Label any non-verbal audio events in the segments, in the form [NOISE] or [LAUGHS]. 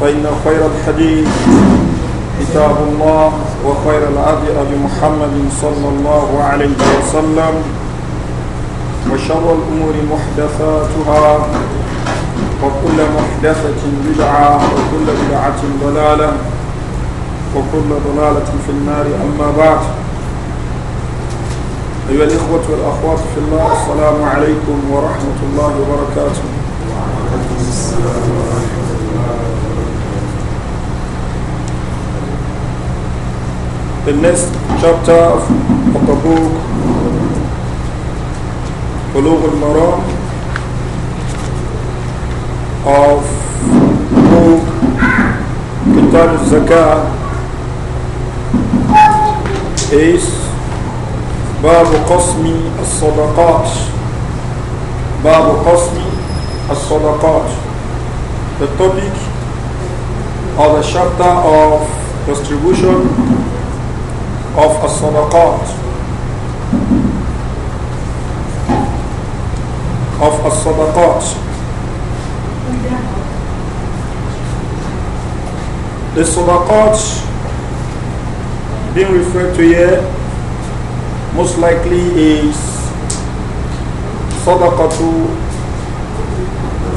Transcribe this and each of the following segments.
فإن خير الحديث كتاب الله وخير الهدي أبي محمد صلى الله عليه وسلم وشر الأمور محدثاتها وكل محدثة بدعة وكل بدعة ضلالة وكل ضلالة في النار أما بعد أيها الإخوة والأخوات في الله السلام عليكم ورحمة الله وبركاته وعليكم السلام ورحمة الله the next chapter of, the book Bulugh al-Maram of book Kitab al-Zakah is باب قسم الصدقات باب قسم الصدقات the topic of the chapter of distribution of as-sadaqat of as-sadaqat the sadaqat being referred to here most likely is sadaqatu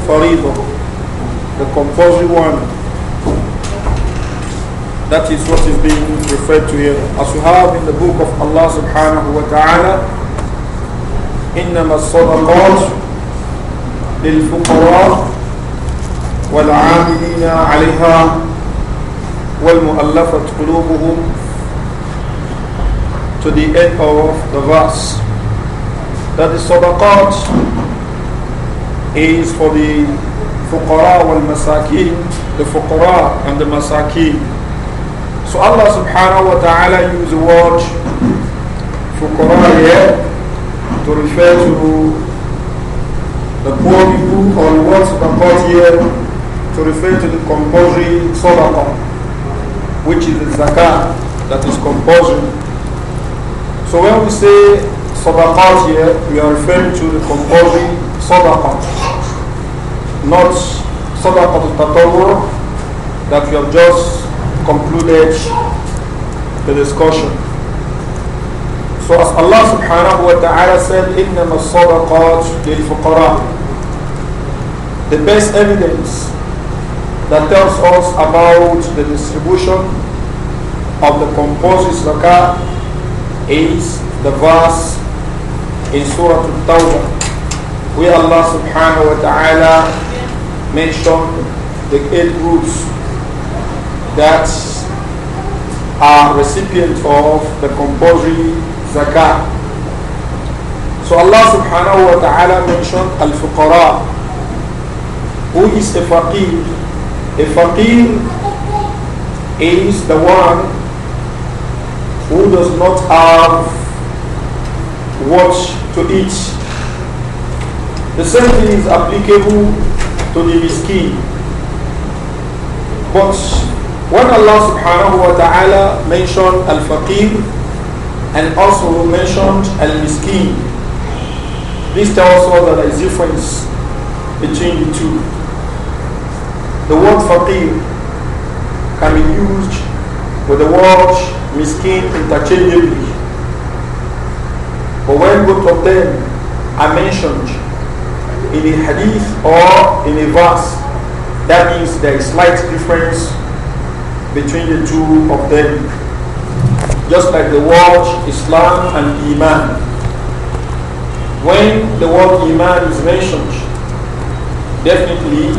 faridah the compulsory one that is what is being referred to here. As we have in the book of Allah subhanahu wa ta'ala, إنما الصدقات للفقراء والعاملين عليها والمؤلفة قلوبهم to the end of the verse. That is sadaqat is for the fuqara wal the fuqara and the masakin. So Allah subhanahu wa ta'ala used the word for Quran here to refer to the poor people or the the sadaqat here to refer to the compulsory sadaqah which is the zakah that is compulsory. So when we say sadaqat here, we are referring to the compulsory sadaqah, not sadaqah to that we have just concluded the discussion. So as Allah subhanahu wa ta'ala said, إِنَّمَا الصَّدَقَاتُ لِلْفُقَرَاءِ The best evidence that tells us about the distribution of the composed zakat is the verse in Surah Al-Tawbah where Allah subhanahu wa ta'ala mentioned the eight groups that are recipient of the compulsory zakah. So Allah subhanahu wa ta'ala mentioned al-fuqara, who is a faqir. A faqir is the one who does not have what to eat. The same thing is applicable to the miskin. But when Allah subhanahu wa ta'ala mentioned al-faqir and also mentioned al-miskin, this tells us that there is difference between the two. The word faqir can be used with the word miskin interchangeably. But when both of them are mentioned in a hadith or in a verse, that means there is slight difference between the two of them. Just like the word Islam and Iman. When the word Iman is mentioned, definitely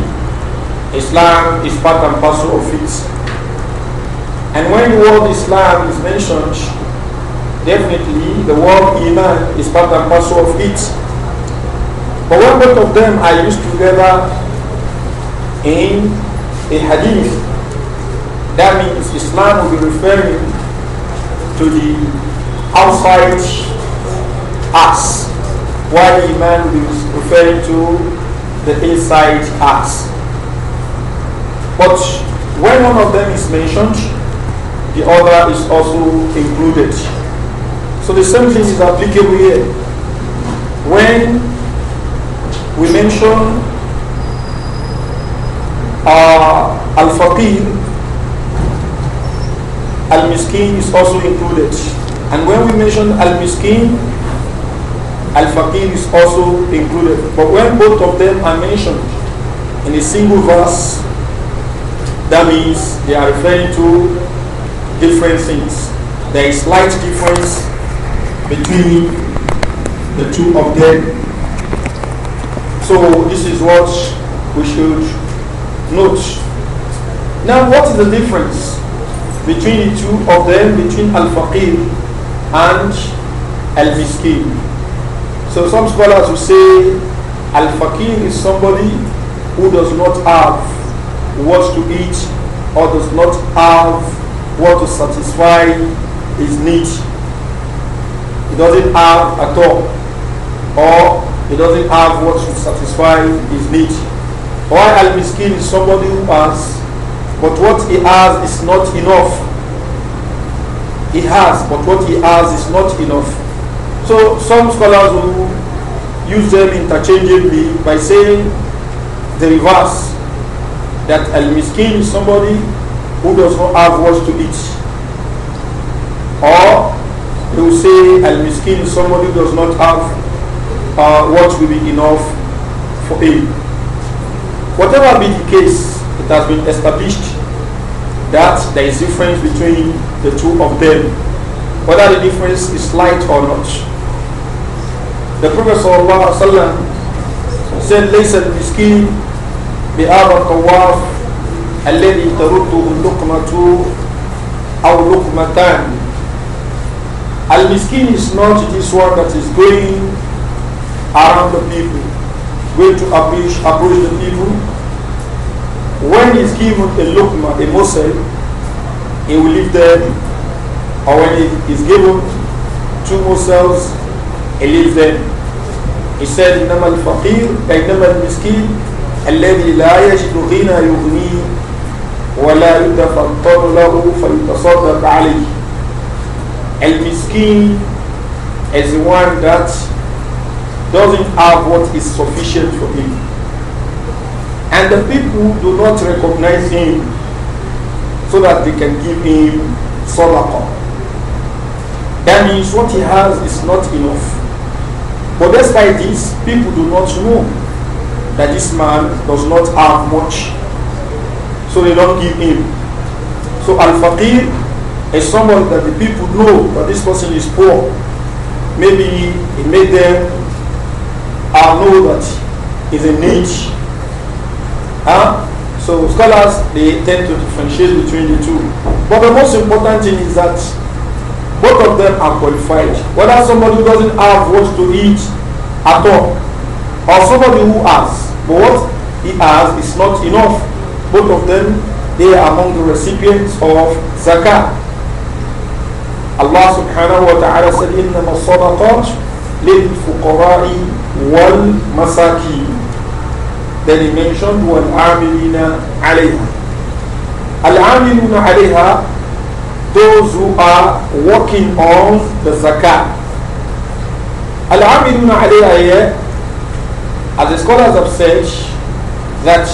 Islam is part and parcel of it. And when the word Islam is mentioned, definitely the word Iman is part and parcel of it. But when both of them are used together in a hadith, that means Islam will be referring to the outside us, while Iman will be referring to the inside us. But when one of them is mentioned, the other is also included. So the same thing is applicable here. When we mention uh, al faqih Al-Miskin is also included. And when we mention Al-Miskin, Al-Faqir is also included. But when both of them are mentioned in a single verse, that means they are referring to different things. There is slight difference between the two of them. So this is what we should note. Now what is the difference between the two of them, between Al-Faqir and Al-Miskin. So some scholars will say Al-Faqir is somebody who does not have what to eat or does not have what to satisfy his need. He doesn't have at all or he doesn't have what to satisfy his need. While Al-Miskin is somebody who has but what he has is not enough. He has, but what he has is not enough. So some scholars will use them interchangeably by saying the reverse that al miskin is somebody who does not have what to eat. Or they will say al miskin is somebody who does not have uh, what will be enough for him. Whatever be the case, it has been established that there is difference between the two of them, whether the difference is slight or not. The Prophet ﷺ said, ليس المسكين بآب الطواف الذي ترده اللقمة أو لقمتان. Al-Miskin is not this one that is going around the people, going to approach, approach the people when he's given a lukma, a mosel, he will leave them. Or when he's given two mosels, he leaves them. He said, إنما الفقير كإنما المسكين الذي لا يجد غنى يغنيه ولا يتفطر له فيتصدق عليه. المسكين is the one that doesn't have what is sufficient for him. And the people do not recognize him so that they can give him sadaqah. That means what he has is not enough. But despite this, people do not know that this man does not have much. So they don't give him. So Al-Faqir is someone that the people know that this person is poor. Maybe it made them uh, know that he's in need Huh? So scholars they tend to differentiate between the two. But the most important thing is that both of them are qualified. Whether somebody who doesn't have what to eat at all, or somebody who has, but what he has is not enough. Both of them they are among the recipients of zakat. Allah subhanahu wa ta'ala said, in the إِنَّمَا الصَّدَقَاتُ wal Masaki." Then he mentioned alayha. Al-amiluna alayha, Those who are working on the zakat. الْعَامِلُونَ عَلَيْهَا here, as the scholars have said, that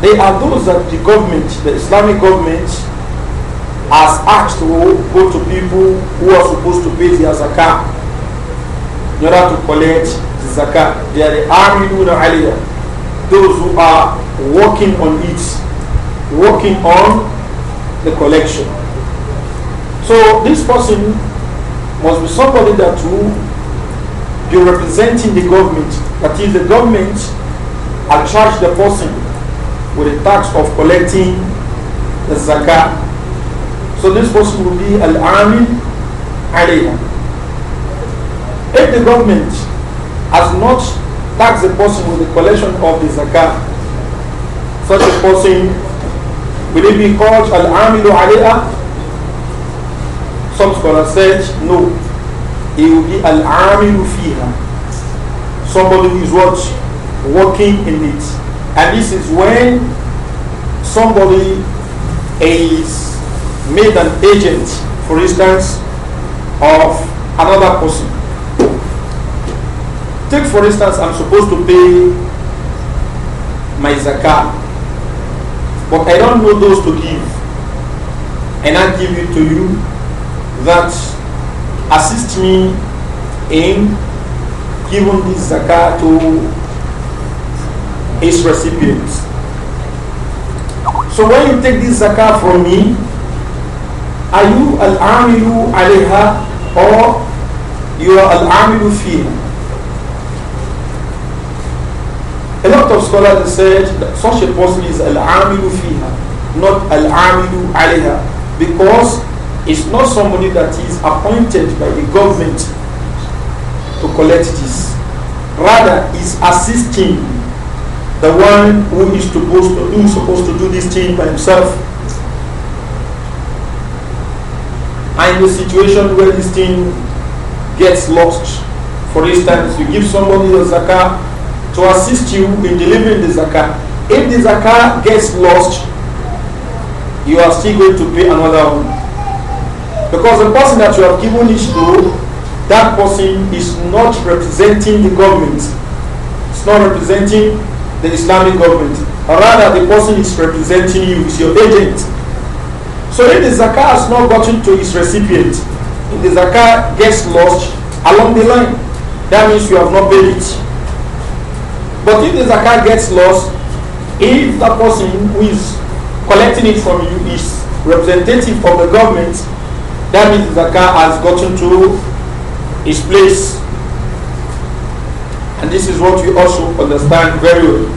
they are those that the government, the Islamic government, has asked to go to people who are supposed to pay their zakat in order to collect Zaka, They are the amiluna aliyah. Those who are working on it, working on the collection. So this person must be somebody that will be representing the government. That is, the government are charged the person with the tax of collecting the zaka. So this person will be al-amil aliyah. If the government has not taxed the person with the collection of the zakah, such a person will it be called al-amilu alayha? Some scholars said no. It will be al-amilu fiha. Somebody who is what? Working in it. And this is when somebody is made an agent, for instance, of another person. Take for instance, I'm supposed to pay my zakah, but I don't know those to give, and I give it to you that assist me in giving this zakah to its recipients. So when you take this zakah from me, are you al-amilu alayha or you are al-amilu fiha? A lot of scholars said that such a person is al-amilu fiha, not al-amilu alayha, because it's not somebody that is appointed by the government to collect this. Rather, is assisting the one who is supposed to do supposed to do this thing by himself. And in the situation where this thing gets lost, for instance, you give somebody a zakah to assist you in delivering the zakah. If the zakah gets lost, you are still going to pay another one. Because the person that you have given it to, that person is not representing the government. It's not representing the Islamic government. Rather, the person is representing you, is your agent. So if the zakah has not gotten to its recipient, if the zakah gets lost along the line, that means you have not paid it. But if the zakat gets lost, if that person who is collecting it from you is representative of the government, that means the zakat has gotten to its place. And this is what we also understand very well.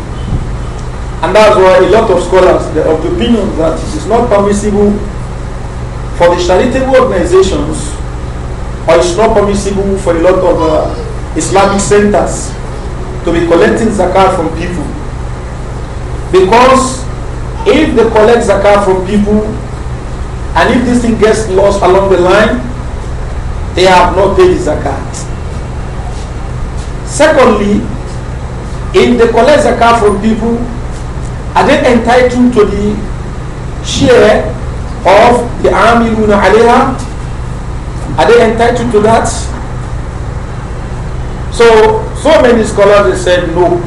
And that's why a lot of scholars are of the opinion that it is not permissible for the charitable organizations, or it's not permissible for a lot of uh, Islamic centers to be collecting zakat from people. Because if they collect zakat from people and if this thing gets lost along the line, they have not paid the zakat. Secondly, if they collect zakat from people, are they entitled to the share of the army, Amiruna Aleha? Are they entitled to that? So, so many scholars have said no.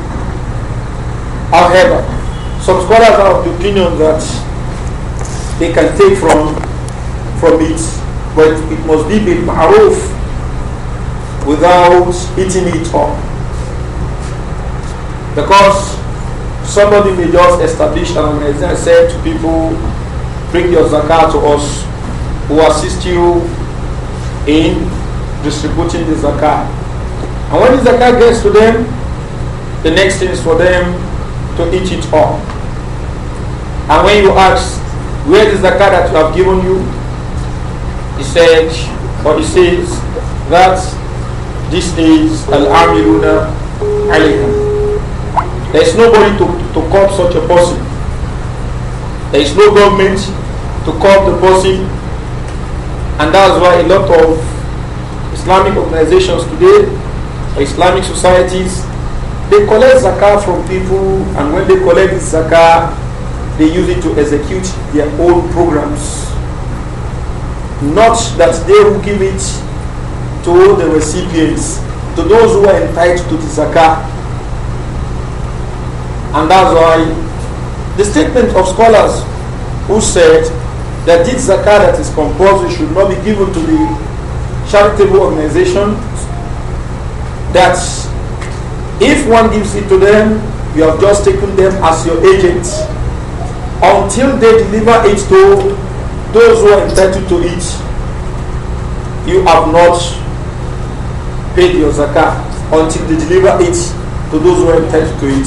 However, some scholars are of the opinion that they can take from from it, but it must be bil ma'ruf without eating it up. Because somebody may just establish an organization and say to people, bring your zakat to us, who assist you in distributing the zakat. And when the zakat gets to them, the next thing is for them to eat it up. And when you ask, where is the zakat that you have given you? He said, or he says, that this is al army Alayhim. There is nobody to, to call such a person. There is no government to call the person. And that's why a lot of Islamic organizations today Islamic societies, they collect zakah from people, and when they collect zakah, they use it to execute their own programs. Not that they will give it to the recipients, to those who are entitled to the zakah. And that's why the statement of scholars who said that this zakah that is compulsory should not be given to the charitable organization that if one gives it to them, you have just taken them as your agent until they deliver it to those who are entitled to it. You have not paid your zakah until they deliver it to those who are entitled to it.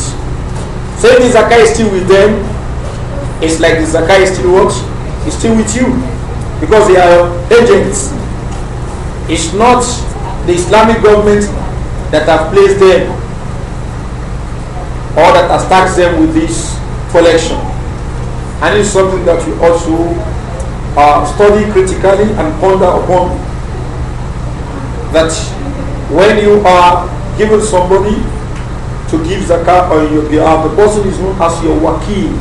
Say so the zakah is still with them, it's like the zakah is still what? It's still with you because they are agents. It's not the Islamic government that have placed them or that has taxed them with this collection. And it's something that we also uh, study critically and ponder upon. That when you are given somebody to give zakah on your behalf, the person is known as your wakil,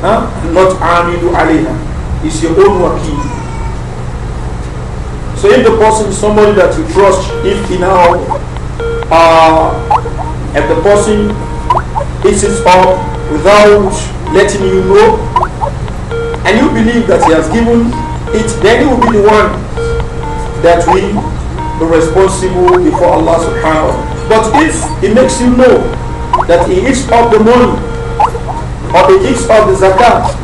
huh? not aminu alayha. It's your own wakil. So if the person is somebody that you trust, if he now if the person eats it up without letting you know and you believe that he has given it, then you will be the one that will be responsible before Allah subhanahu wa ta'ala. But if he makes you know that he eats up the money or he eats up the zakat,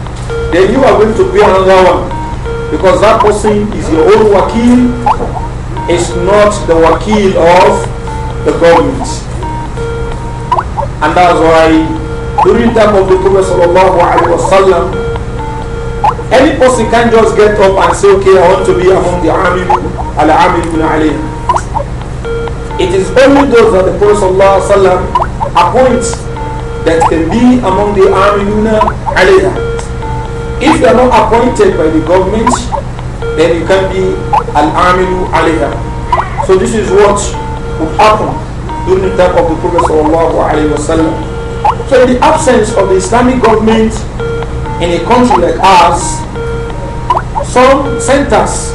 then you are going to be another one because that person is your own wakil, it's not the wakil of the government. And that's why during the time of the Prophet sallallahu alaihi wasallam, any person can just get up and say, okay, I want to be among the army, al-Amil alayhi. It is only those that the Prophet sallallahu alaihi wasallam appoints that can be among the Amiluna alayhi. If they are not appointed by the government, then you can be Al-Amilu Alayha. So this is what would happen during the time of the Prophet sallallahu So in the absence of the Islamic government in a country like ours, some centers,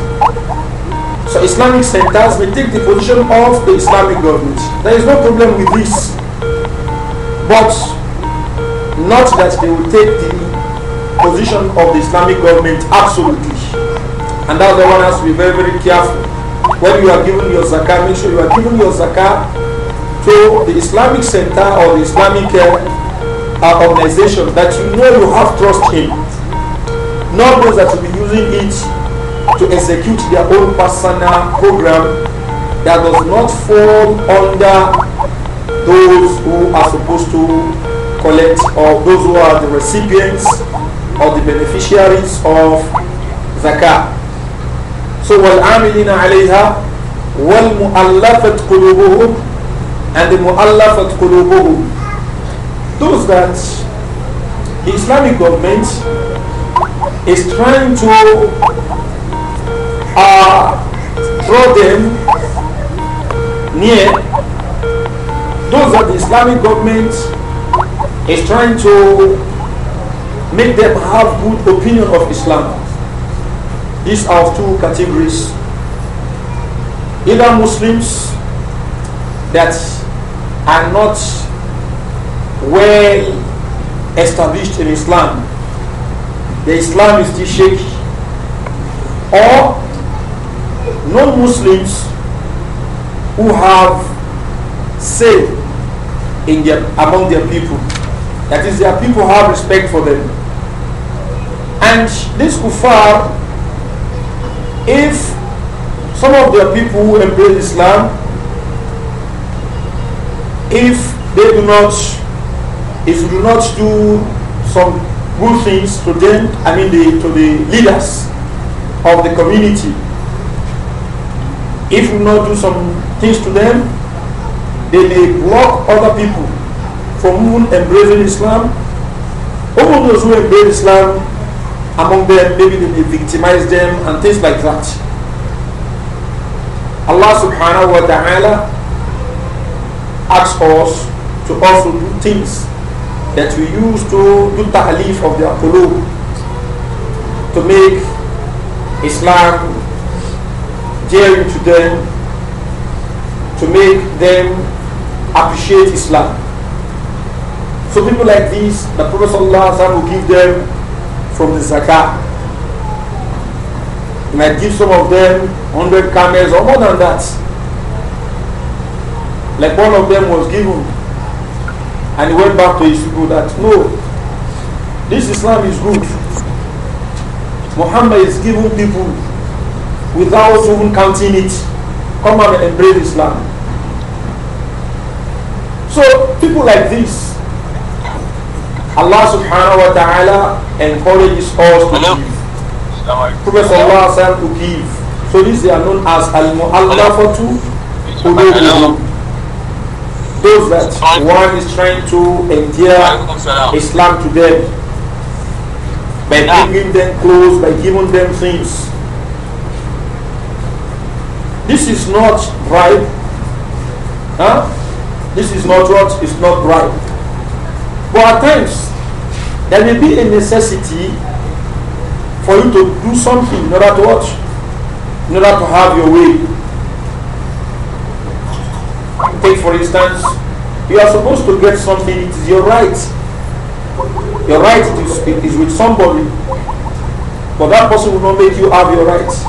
so Islamic centers may take the position of the Islamic government. There is no problem with this. But not that they will take the position of the Islamic government absolutely. And that's the one has to be very, very careful. When you are giving your zakah, make sure you are giving your zakah to the Islamic center or the Islamic uh, uh, organization that you know you have trust in. Not those that will be using it to execute their own personal program that does not fall under those who are supposed to collect or those who are the recipients or the beneficiaries of zakah. So وَالْعَامِلِينَ عَلَيْهَا وَالْمُؤَلَّفَتْ قُلُوبُهُمْ and the مُؤَلَّفَتْ قُلُوبُهُمْ Those that the Islamic government is trying to uh, draw them near those that the Islamic government is trying to make them have good opinion of Islam. These are of two categories. Either Muslims that are not well established in Islam, the Islam is still shaky, or non Muslims who have say in their, among their people. That is, their people have respect for them. And these kuffar if some of the people who embrace Islam, if they do not, if you do not do some good things to them, I mean the, to the leaders of the community, if you do not do some things to them, they may block other people from embracing Islam. All those who embrace Islam among them, maybe they may victimize them and things like that. Allah subhanahu wa ta'ala asks us to also do things that we use to do ta'alif of the qulub to make Islam daring to them to make them appreciate Islam. So people like this, the Prophet will give them from the zakat, And I give some of them 100 camels or more than that. Like one of them was given. And he went back to his people that no, this Islam is good. Muhammad is giving people without even counting it. Come and embrace Islam. So people like this, Allah subhanahu wa ta'ala encourages us to Hello. give. Prophet sallallahu alayhi wa to give. So these they are known as al-mu'allafatu Those that one is trying to endear Islam to them by bringing them clothes, by giving them things. This is not right. Huh? This is not what is not right. But at times, there may be a necessity for you to do something in order to what? In order to have your way. Take for instance, you are supposed to get something, it is your right. Your right is, is with somebody. But that person will not make you have your rights,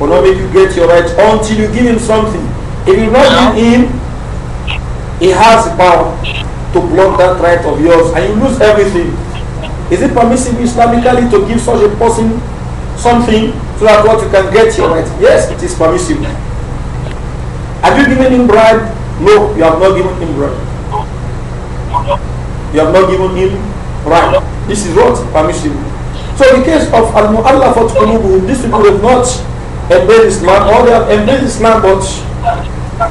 Will not make you get your rights until you give him something. If you not give him, he has the power to block that right of yours and you lose everything. Is it permissible Islamically to give such a person something so that what you can get your right? Yes, it is permissible. Have you given him bribe? No, you have not given him bribe. You have not given him bribe. This is what permissible. So in the case of Al Mu'allafat Qulubuhum, these people have not embraced Islam, or they have embraced Islam, but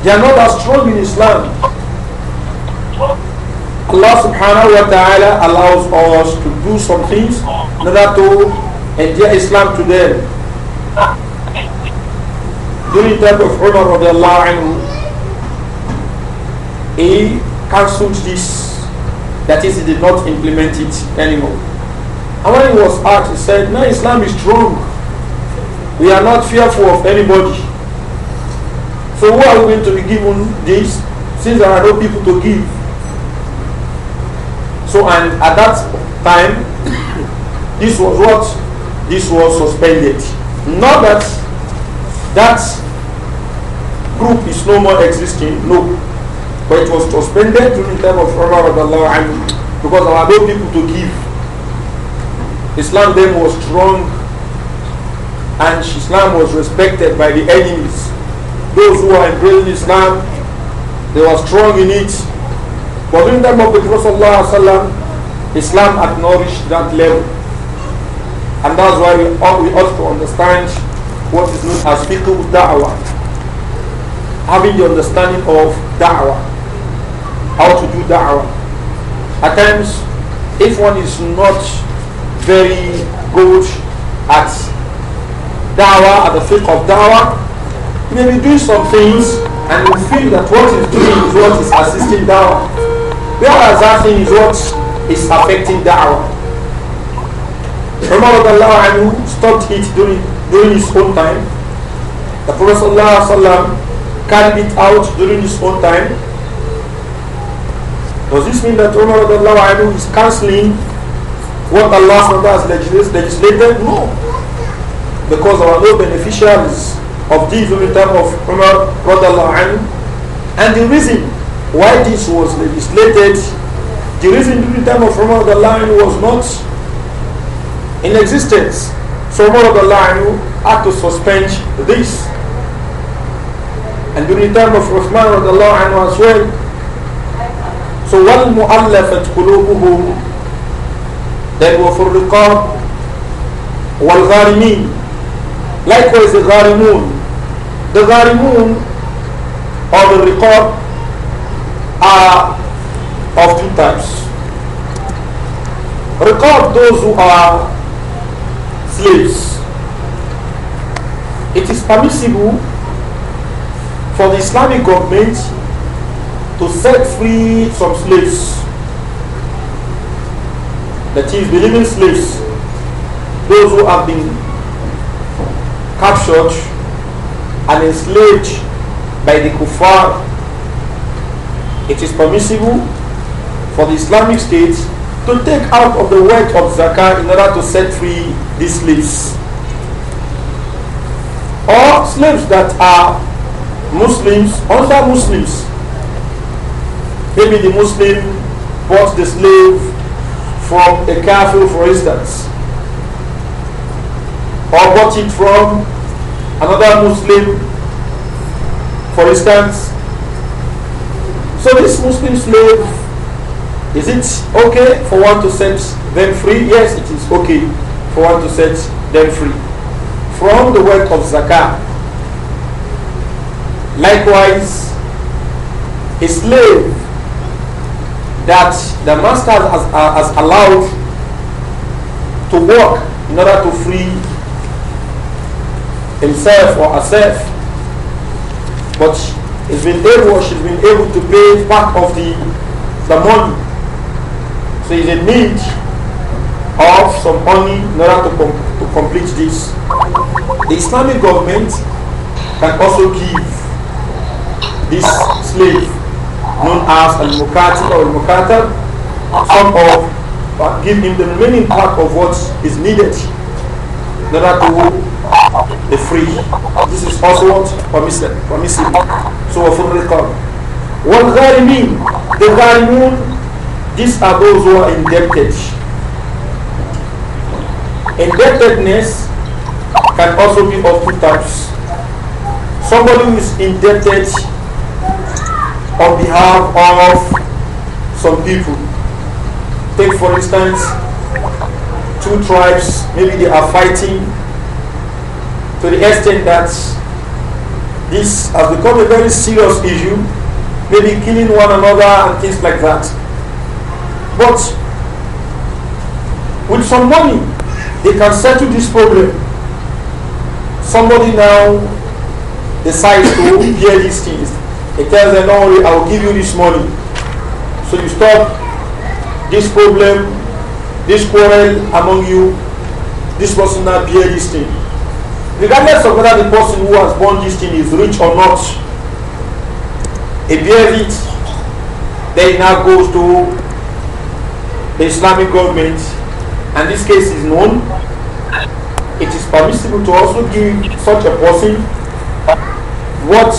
they are not as strong in Islam Allah subhanahu wa ta'ala allows us to do some things in order to endear Islam to them. During the time of Umar anhu, he cancelled this. That is, he did not implement it anymore. And when he was asked, he said, no, Islam is strong. We are not fearful of anybody. So who are we going to be given this since there are no people to give? So, and at that time, this was what? This was suspended. Not that that group is no more existing, no. But it was suspended during the time of Umar because there were no people to give. Islam then was strong and Islam was respected by the enemies. Those who were embracing Islam, they were strong in it but during the time of the Prophet Islam acknowledged that level. And that's why we ought, we ought to understand what is known as fiqh da'wah. Having the understanding of da'wah. How to do da'wah. At times, if one is not very good at da'wah, at the fiqh of da'wah, maybe doing some things and will feel that what he's doing is what is assisting da'wah. Whereas that thing is what is affecting da'wah. Umar anhu stopped it during, during his own time. The Prophet sallam, carried it out during his own time. Does this mean that Umar anhu is cancelling what Allah has legislated? No. Because there are no beneficiaries of this in terms of Umar anhu. And the reason why this was legislated. The reason during the time of Umar the Lion was not in existence. So Umar the Lion had to suspend this. And during the time of Uthman the Lion as well. So وَالْمُؤَلَّفَتْ قُلُوبُهُمْ Then وَفُرْ wal وَالْغَارِمِينَ Likewise the غَارِمُونَ The غَارِمُونَ or the riqab are of two types. Record those who are slaves. It is permissible for the Islamic government to set free some slaves. That is, believing slaves, those who have been captured and enslaved by the kuffar it is permissible for the Islamic State to take out of the wealth of zakah in order to set free these slaves. Or slaves that are Muslims, also Muslims. Maybe the Muslim bought the slave from a kafir, for instance, or bought it from another Muslim, for instance, so this Muslim slave, is it okay for one to set them free? Yes, it is okay for one to set them free from the work of zakah. Likewise, a slave that the master has, has allowed to work in order to free himself or herself, but it's been able, she's been able to pay part of the, the money. So it's a need of some money in order to, com to complete this. The Islamic government can also give this slave known as al-mukatil or al some of uh, give him the remaining part of what is needed in order to be free. This is also what permissible. permissible. وفي الرقاب والغارمين the غارمون these are those who are indebted indebtedness can also be of two types somebody who is indebted on behalf of some people take for instance two tribes maybe they are fighting to the extent that this has become a very serious issue, maybe killing one another and things like that. But with some money, they can settle this problem. Somebody now decides to hear these things. He tells them, no, I will give you this money. So you stop this problem, this quarrel among you, this person now bear this thing regardless of whether the person who has born this thing is rich or not, he bears it. Then it now goes to the Islamic government, and this case is known. It is permissible to also give such a person what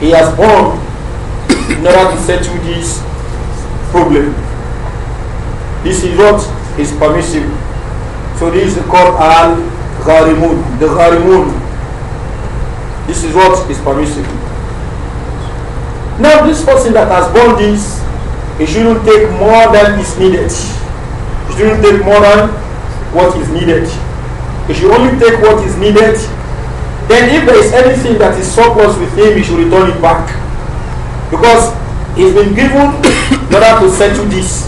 he has born in order to settle this problem. This is what is permissible. So this is called al Gharimun, the Gharimun. This is what is permissible. Now this person that has borne this, he shouldn't take more than is needed. He shouldn't take more than what is needed. He should only take what is needed. Then if there is anything that is surplus with him, he should return it back. Because he's been given [COUGHS] in order to settle this.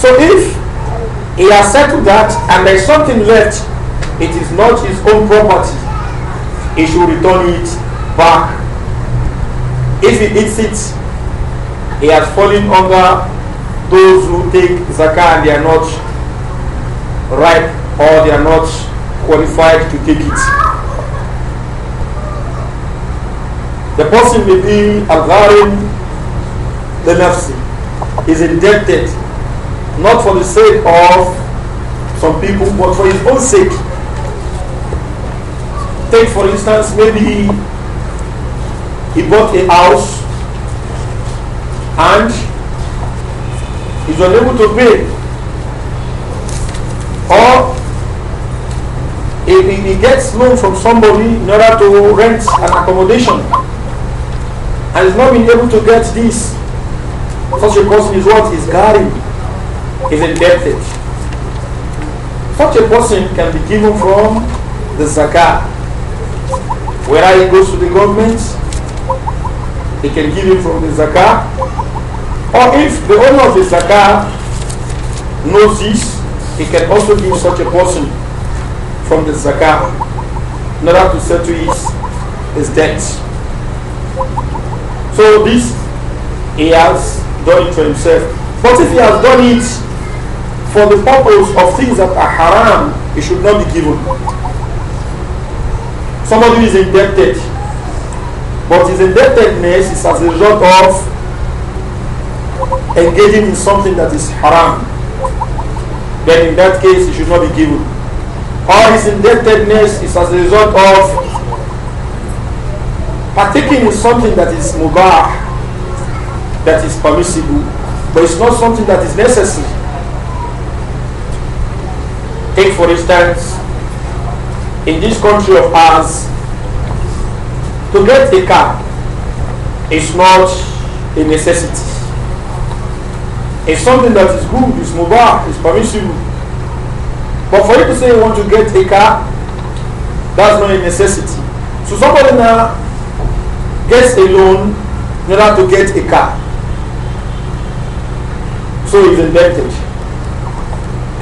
So if he has settled that and there is something left. It is not his own property. He should return it back. If he eats it, he has fallen under those who take zakah and they are not ripe or they are not qualified to take it. The person may be a gharim, the nafsi, is indebted not for the sake of some people, but for his own sake. Take, for instance, maybe he bought a house and he's unable to pay. Or if he gets loan from somebody in order to rent an accommodation and he's not been able to get this, such a person is he's guarding is indebted. Such a person can be given from the zakat. Whether he goes to the government, he can give it from the zakat. Or if the owner of the zakat knows this, he can also give such a person from the zakat in order to settle his, his debt. So this he has done it to himself. But if he has done it for the purpose of things that are haram, it should not be given. Somebody is indebted, but his indebtedness is as a result of engaging in something that is haram. Then in that case, it should not be given. Or his indebtedness is as a result of partaking in something that is mubah, that is permissible, but it's not something that is necessary. Take for instance, in this country of ours, to get a car is not a necessity. It's something that is good, it's mobile, it's permissible. But for you to say you want to get a car, that's not a necessity. So somebody now gets a loan in order to get a car. So he's indebted.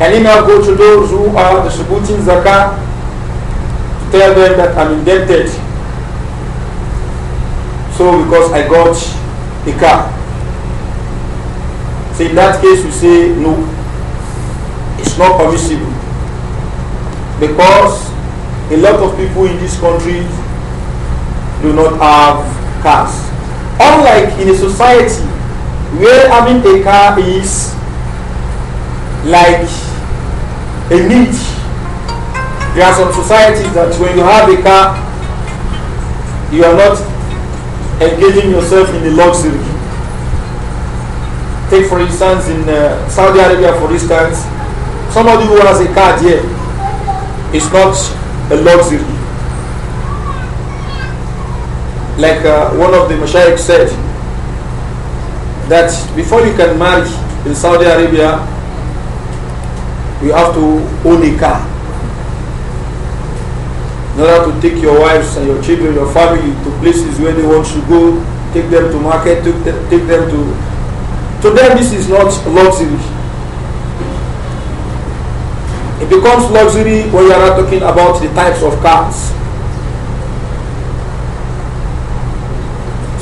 Can he now go to those who are distributing zakah to tell them that I'm indebted? So because I got a car. So in that case you say no, it's not permissible. Because a lot of people in this country do not have cars. Unlike in a society where having a car is like a need. There are some societies that when you have a car, you are not engaging yourself in the luxury. Take for instance in uh, Saudi Arabia for instance, somebody who has a car here is not a luxury. Like uh, one of the Mashaykh said, that before you can marry in Saudi Arabia, you have to own a car. In order to take your wives and your children, your family to places where they want to go, take them to market, take them, take them to. To them, this is not luxury. It becomes luxury when you are not talking about the types of cars.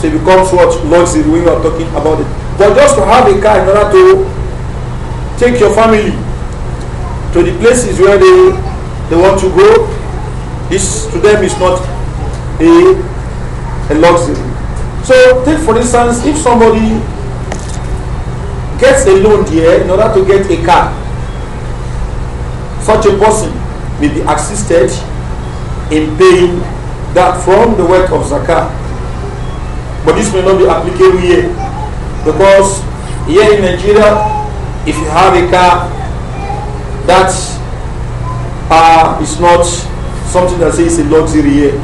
So it becomes what luxury when you are talking about it. But just to have a car in order to take your family to the places where they, they want to go, this to them is not a, a luxury. So take for instance, if somebody gets a loan here in order to get a car, such a person may be assisted in paying that from the work of zakat. But this may not be applicable here because here in Nigeria, if you have a car, that uh, is not something that says a luxury here.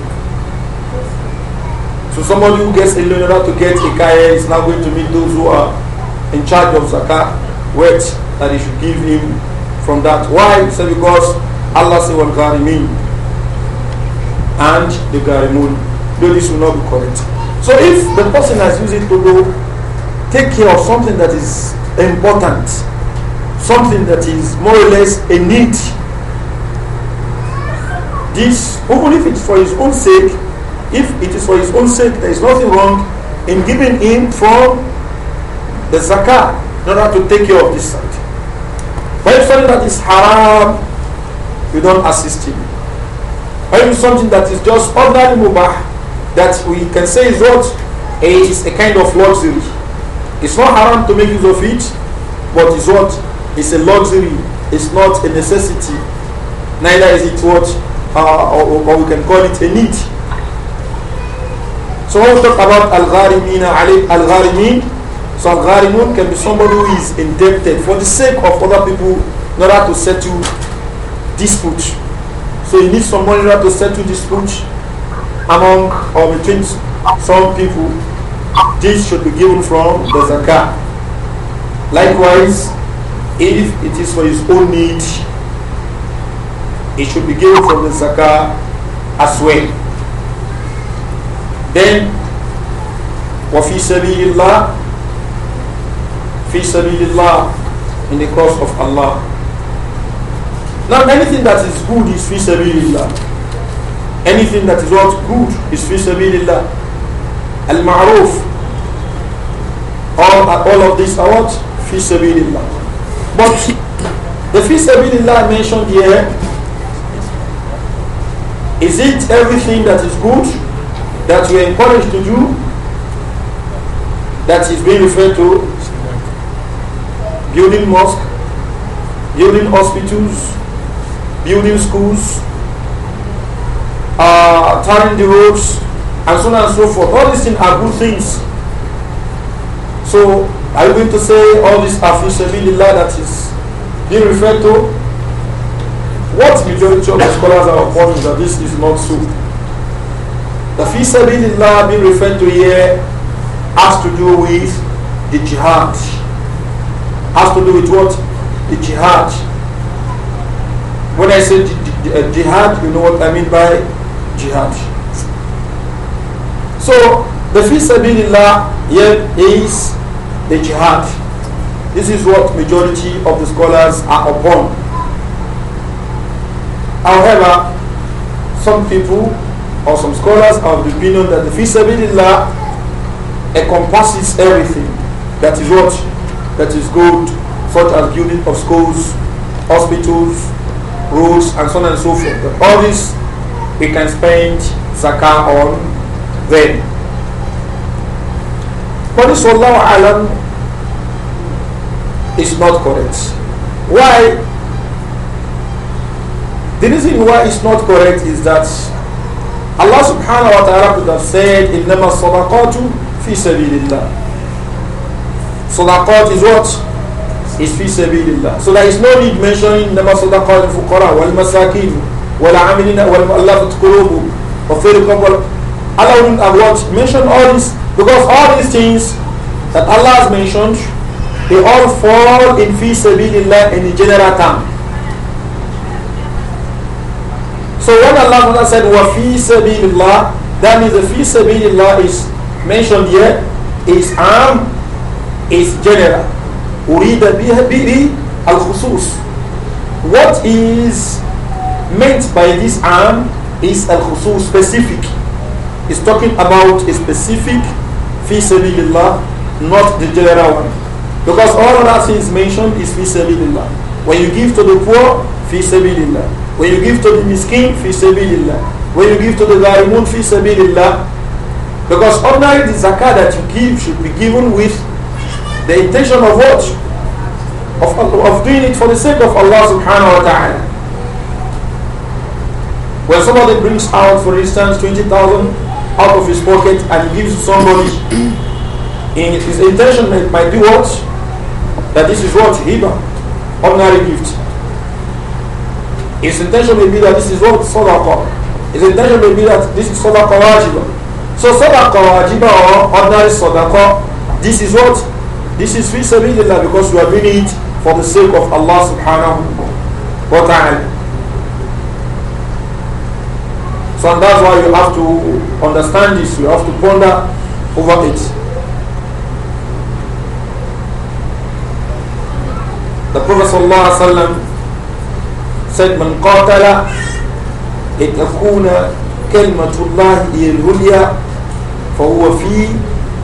So somebody who gets a loan in order to get a car is now going to meet those who are in charge of zakat, which that he should give him from that. Why? So because Allah said wal gharimin and the gharimun. No, this will not be correct. So if the person has used it to take care of something that is important, something that is more or less a need. This, even if it's for his own sake, if it is for his own sake, there is nothing wrong in giving him from the zakah in order to take care of this side. But if something that is haram, you don't assist him. Or if something that is just ordinary mubah, that we can say is not a kind of luxury. It's not haram to make use of it, but it's what it's a luxury. It's not a necessity. Neither is it what, uh, or, or, we can call it a need. So when we talk about al-gharimina, al-gharimin, so al-gharimun can be somebody who is indebted for the sake of other people in order to settle dispute. So you need some money in order to settle dispute among or between some people. This should be given from the zakah. Likewise, if it is for his own need, it should be given from the zakah as well. Then, وَفِي سَبِيلِ اللَّهِ فِي سَبِيلِ اللَّهِ in the cause of Allah. Now anything that is good is fi sabilillah. Anything that is not good is fi sabilillah. Al-ma'ruf. All, all of these are what? Fi sabilillah. But the feast I mentioned here, is it everything that is good that we are encouraged to do that is being referred to? Building mosques, building hospitals, building schools, uh, the roads, and so on and so forth. All these things are good things. So are you going to say all this Afusabilillah that is being referred to? What majority of the scholars are upon that this is not so. The Fisabilillah being referred to here has to do with the jihad. Has to do with what? The jihad. When I say uh, jihad, you know what I mean by jihad. So the fisabilillah here is the jihad. This is what majority of the scholars are upon. However, some people or some scholars are of the opinion that the fisabilillah encompasses everything that is what that is good, such as building of schools, hospitals, roads, and so on and so forth. But all this we can spend zakah on then. But this Allah Alam is not correct. Why? The reason why it's not correct is that Allah subhanahu wa ta'ala could have said, إِنَّمَا الصَّدَقَاتُ فِي fi اللَّهِ Sadaqat is what? is fi sabilillah. So there is no need mentioning nama sadaqah al-fuqara wal-masakin wal-amilina wal-allafat qulubu wa firiqam wal... Allah wouldn't have what? Mention all this because all these things that Allah has mentioned, they all fall in fi sabilillah in the general term. So when Allah said wa fi sabilillah, that means the fi sabilillah is mentioned here is am is general. Urida bihi al khusus. What is meant by this am is al khusus specific. It's talking about a specific fi sabilillah, not the general one. Because all that is mentioned is fi sabilillah. When you give to the poor, fi sabilillah. When you give to the miskin, fi sabilillah. When you give to the gharimun, fi sabilillah. Because ordinarily the zakah that you give should be given with the intention of what? Of, of doing it for the sake of Allah subhanahu wa ta'ala. When somebody brings out, for instance, 20,000 out of his pocket and he gives somebody. In his intention might be what? That this is what? Hiba. Ordinary gift. His intention may be that this is what? Sadaqah. His intention may be that this is Sadaqah wajiba. So Sadaqah wajiba or ordinary Sadaqah, this is what? This is fi because you are doing it for the sake of Allah subhanahu wa ta'ala. So and that's why you have to understand this, you have to ponder over it. The Prophet ﷺ said, من قاتل لتكون كلمة الله هي العليا فهو في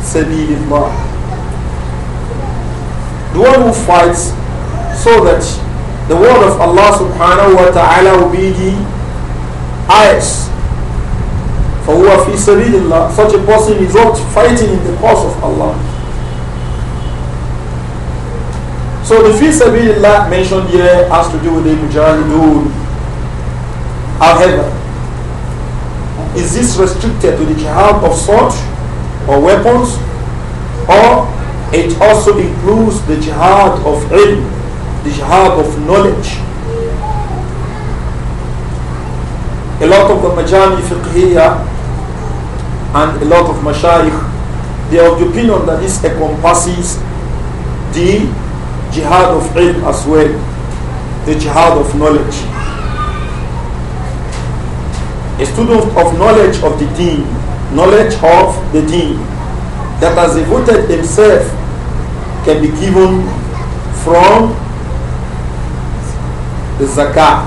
سبيل الله. The one who fights so that the word of Allah subhanahu wa ta'ala will be the highest فَهُوَ فِي سَبِيلِ اللَّهِ Such a person is not fighting in the cause of Allah. So the fi sabilillah mentioned here has to do with the mujahideen. However, is this restricted to the jihad of sword or weapons or it also includes the jihad of ilm, the jihad of knowledge. A lot of the majami fiqhiyah and a lot of mashayikh, they are of the opinion that this encompasses the jihad of ilm as well, the jihad of knowledge. A student of knowledge of the deen, knowledge of the deen, that has devoted himself can be given from the zakah.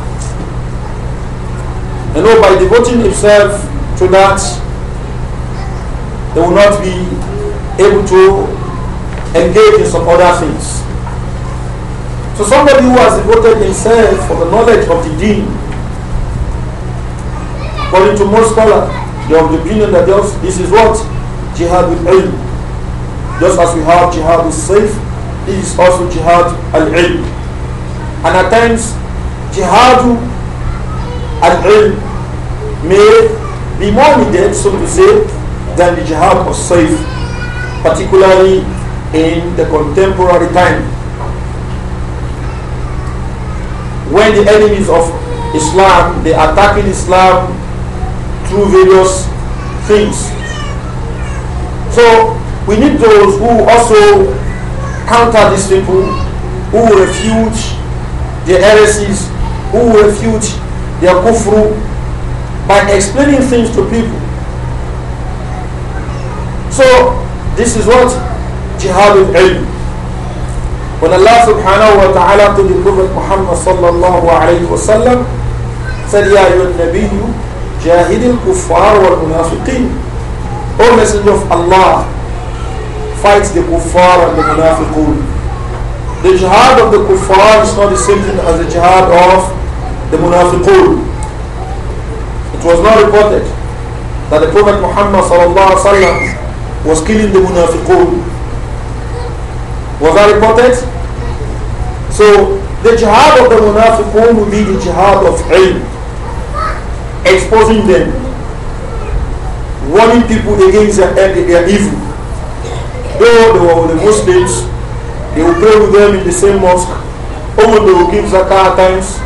And you know, by devoting himself to that, they will not be able to engage in some other things. So somebody who has devoted himself for the knowledge of the deen, according to most scholars, they have the opinion that this is what? Jihad with ilm. Just as we have jihad with safe, this is also jihad al-ilm. And at times, jihad al-ilm may be more needed, so to say, than the jihad of saif, particularly in the contemporary time. When the enemies of Islam, they attacking Islam through various things. So we need those who also counter these people, who refute their heresies, who refute their kufru by explaining things to people. So this is what? Jihad of ilm. When Allah subhanahu wa ta'ala to the Prophet Muhammad sallallahu alayhi wa sallam said, Ya nabiyyu, jahid al-kuffar wal-munafiqeen. O Messenger of Allah, fight the kuffar and the munafiqun. The jihad of the kuffar is not the same thing as the jihad of the munafiqun. It was not reported that the Prophet Muhammad sallallahu alayhi wa sallam was killing the munafiqun. Was that reported? So the jihad of the munafiqun will be the jihad of ilm. Exposing them. Warning people against their, their evil. Though they were the Muslims, they would pray with them in the same mosque. Only they would give zakah times.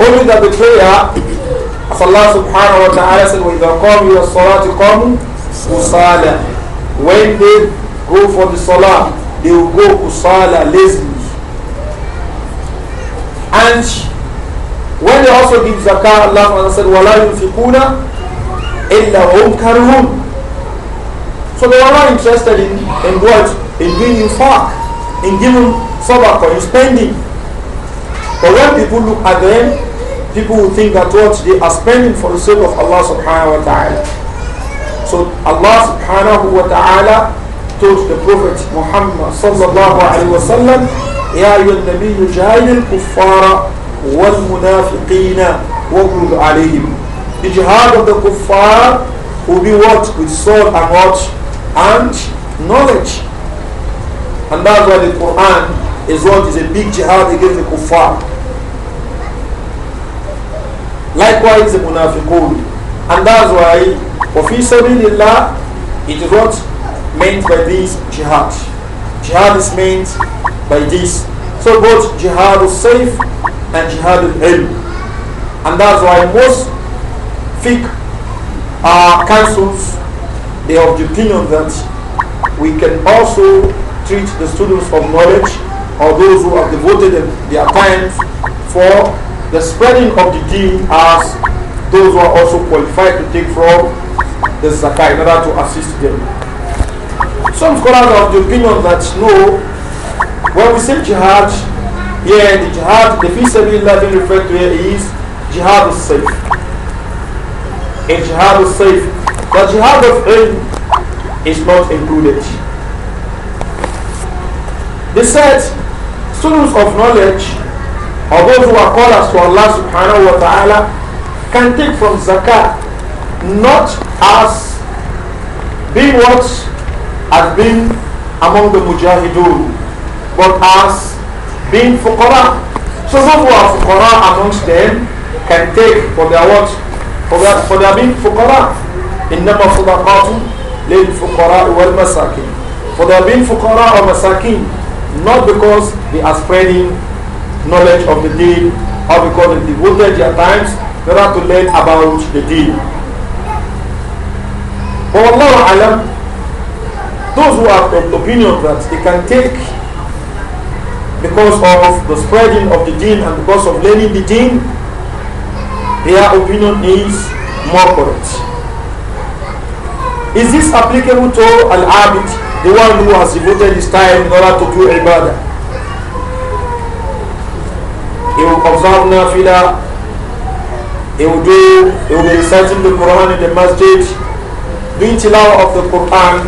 Only that the prayer, as Allah subhanahu wa ta'ala said, وَإِذَا قَامُوا إِلَى الصَّلَاةِ قَامُوا usala. When they go for the salah, they will go usala lazily. And when they also give zakah, Allah said, وَلَا يُنْفِقُونَ إِلَّا هُمْ كَرْهُونَ So they are not interested in, in what? In doing infaq, in giving sadaqah, in spending. But when people look at them, people will think that what they are spending for the sake of Allah subhanahu wa ta'ala. So Allah subhanahu wa ta'ala told the Prophet Muhammad sallallahu alayhi wa sallam, يَا أَيُّهَا النَّبِيُّ جَاهِدِ الْكُفَّارَ وَالْمُنَافِقِينَ وَغْلُظْ عَلَيْهِمْ The jihad of the kuffar will be what? With sword and what? And knowledge. And that's why the Quran is what is a big jihad against the kuffar. Likewise the munafiqun. And that's why وَفِي سَبِيلِ اللَّهِ It is what meant by this jihad. Jihad is meant by this. So both jihad is safe and jihad is ilm. And that's why most fiqh uh, councils, they have the opinion that we can also treat the students of knowledge or those who have devoted their time for the spreading of the deen as those who are also qualified to take from the zakah in order to assist them. Some scholars are of the opinion that no, when we say jihad, here yeah, the jihad, the fisabilillah that is referred to here is jihad is safe. A jihad is safe. The jihad of ilm is not included. They said students of knowledge or those who are callers to Allah subhanahu wa ta'ala can take from zakah not as being what? has been among the mujahideen, but as being fuqara. So those who are fuqara amongst them can take for their what? For their, for their being fuqara. إنما صدقات للفقراء والمساكين. For their being fuqara or masakin, not because they are spreading knowledge of the deen or because they devoted their times rather to learn about the deen. But Allah Alam, those who are of opinion that they can take because of the spreading of the deen and because of learning the deen, their opinion is more correct. Is this applicable to Al-Abid, the one who has devoted his time in order to do ibadah? He will observe nafila, he will do, he will be reciting the Quran in the masjid, doing tilawah of the Quran,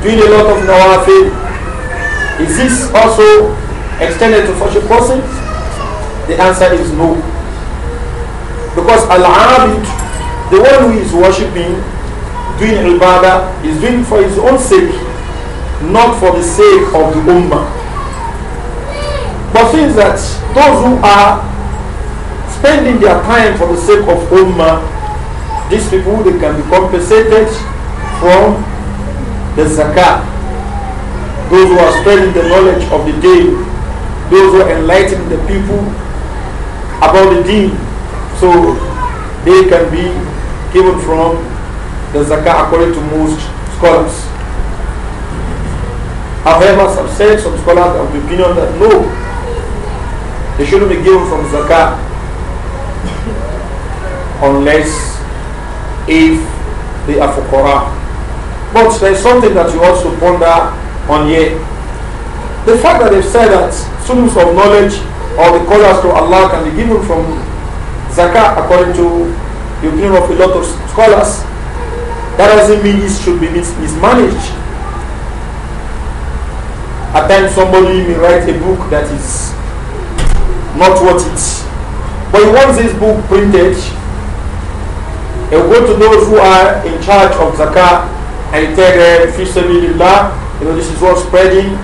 doing a lot of nawafil, is this also extended to such a person? The answer is no. Because Al-Abid, the one who is worshipping, doing ibadah, is doing for his own sake, not for the sake of the ummah. But since that those who are spending their time for the sake of ummah, these people, they can be compensated from the zakah. Those who are spreading the knowledge of the deen, those who are enlightening the people about the deen, so they can be given from the zakah according to most scholars. However, some said, some scholars have the opinion that no, they shouldn't be given from zakah unless if they are fuqara. But there's something that you also ponder on here. The fact that they've said that students of knowledge or the callers to Allah can be given from zakah according to the opinion of a lot of scholars, that doesn't mean it should be mis mismanaged. At times somebody may write a book that is not worth it. But he wants this book printed and go to those who are in charge of zakah and tell them, Fisabilillah, you know, this is what spreading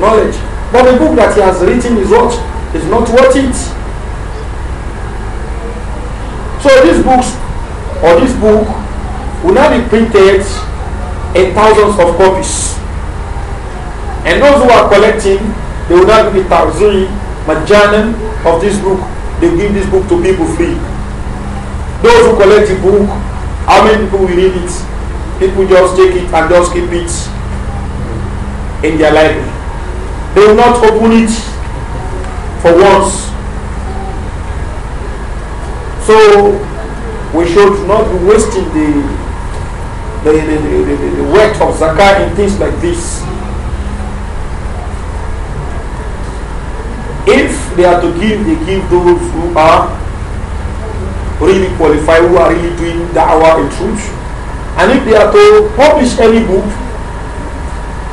knowledge. But the book that he has written is what? Is not worth it. So these books, or this book, will now be printed in thousands of copies. And those who are collecting, they will not give the tawziri, majanan of this book. They give this book to people free. Those who collect the book, how many people will read it? People just take it and just keep it in their library. They will not open it for once. So we should not be wasting the the, the, the, the, the weight of zakah in things like this. If they are to give, they give those who are really qualify, who are really doing da'wah in truth. And if they are to publish any book,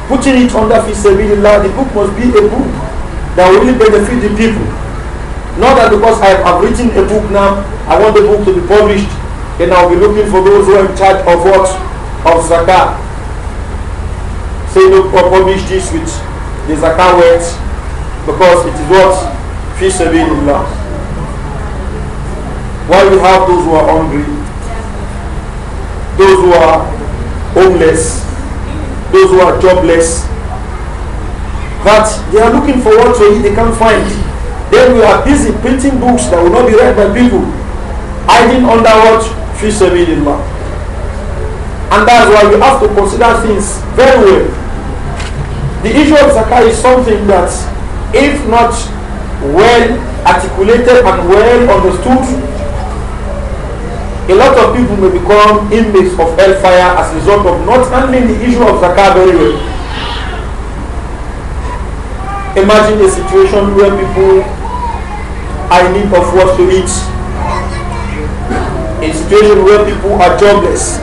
putting it under Fisabilillah, the book must be a book that will really benefit the people. Not that because I have written a book now, I want the book to be published, then I'll be looking for those who are in charge of what? Of zakah. Say, look, or publish this with the zakah words because it is what? Fisabilillah. Why you have those who are hungry, those who are homeless, those who are jobless, that they are looking for what to eat they can't find. Then we are busy printing books that will not be read by people, hiding under what? Fi law, And that's why we have to consider things very well. The issue of zakah is something that, if not well articulated and well understood, a lot of people may become inmates of hellfire as a result of not handling the issue of zakah very well. Imagine a situation where people are in need of what to eat. A situation where people are jobless.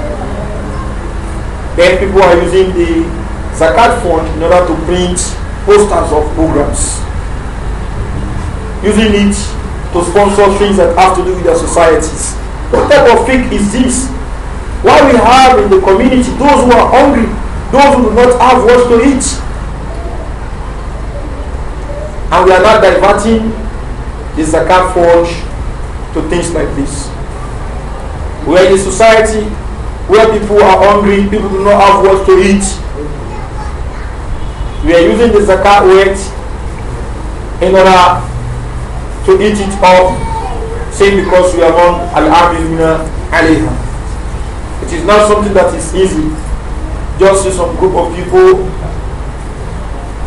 Then people are using the zakat fund in order to print posters of programs. Using it to sponsor things that have to do with their societies. What type of fiqh is this? What we have in the community, those who are hungry, those who do not have what to eat. And we are not diverting the zakat forge to things like this. We are in a society where people are hungry, people do not have what to eat. We are using the zakat weight in order to eat it up saying because we are on Al-Abidina It is not something that is easy. Just see some group of people,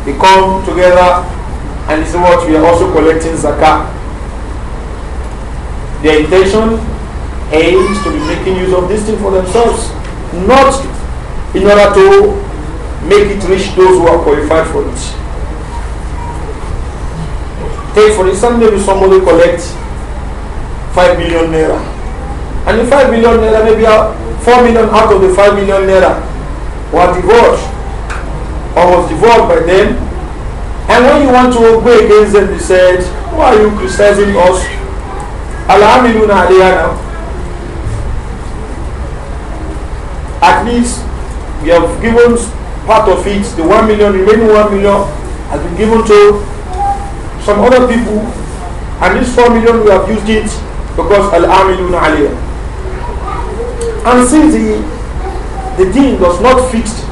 they come together and this is what we are also collecting zakah. Their intention aims to be making use of this thing for themselves, not in order to make it reach those who are qualified for it. Take for instance, maybe somebody collects 5 million naira. And the 5 million naira, maybe 4 million out of the 5 million naira were divorced or was divorced by them. And when you want to go against them, you said, Why are you criticizing us? Alhamdulillah, now. At least we have given part of it, the 1 million, remaining 1 million has been given to some other people. And this 4 million, we have used it because al amiluna Aliyah. And since the, the deen does not fix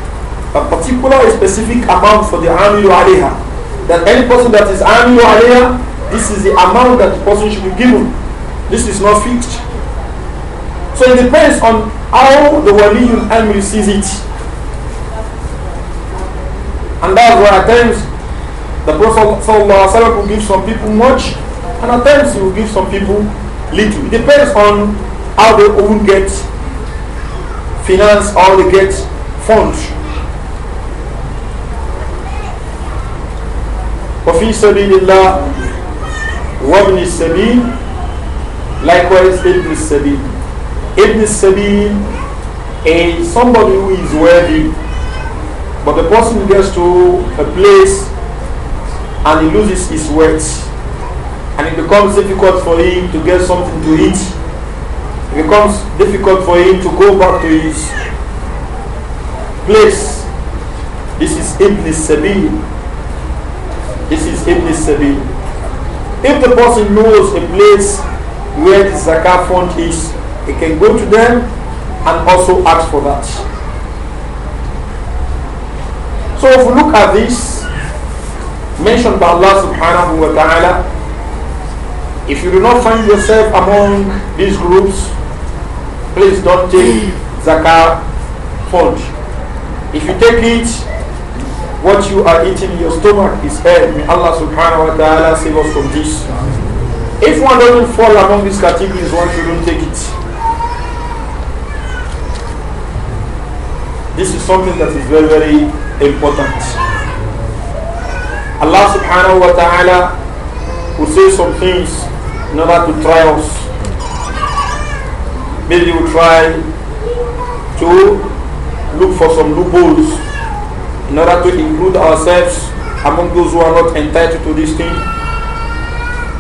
a particular specific amount for the Amilu Aliyah, that any person that is Amilu Aliyah, this is the amount that the person should be given. This is not fixed. So it depends on how the Waliyul Amil sees it. And that's why at times the Prophet will give some people much, and at times he will give some people little. It depends on how they own get finance or they get funds. وفي سبيل الله وابن السبيل likewise ابن السبيل ابن السبيل is somebody who is worthy, but the person gets to a place and he loses his wealth and it becomes difficult for him to get something to eat. It becomes difficult for him to go back to his place. This is Ibn Sabil. This is Ibn Sabil. If the person knows a place where the zakat fund is, he can go to them and also ask for that. So if we look at this mentioned by Allah subhanahu wa ta'ala if you do not find yourself among these groups, please don't take zakah fund. If you take it, what you are eating in your stomach is air. May Allah subhanahu wa ta'ala save us from this. If one doesn't fall among these categories, one shouldn't take it. This is something that is very, very important. Allah subhanahu wa ta'ala will say some things in order to try us. Maybe we try to look for some loopholes in order to include ourselves among those who are not entitled to this thing.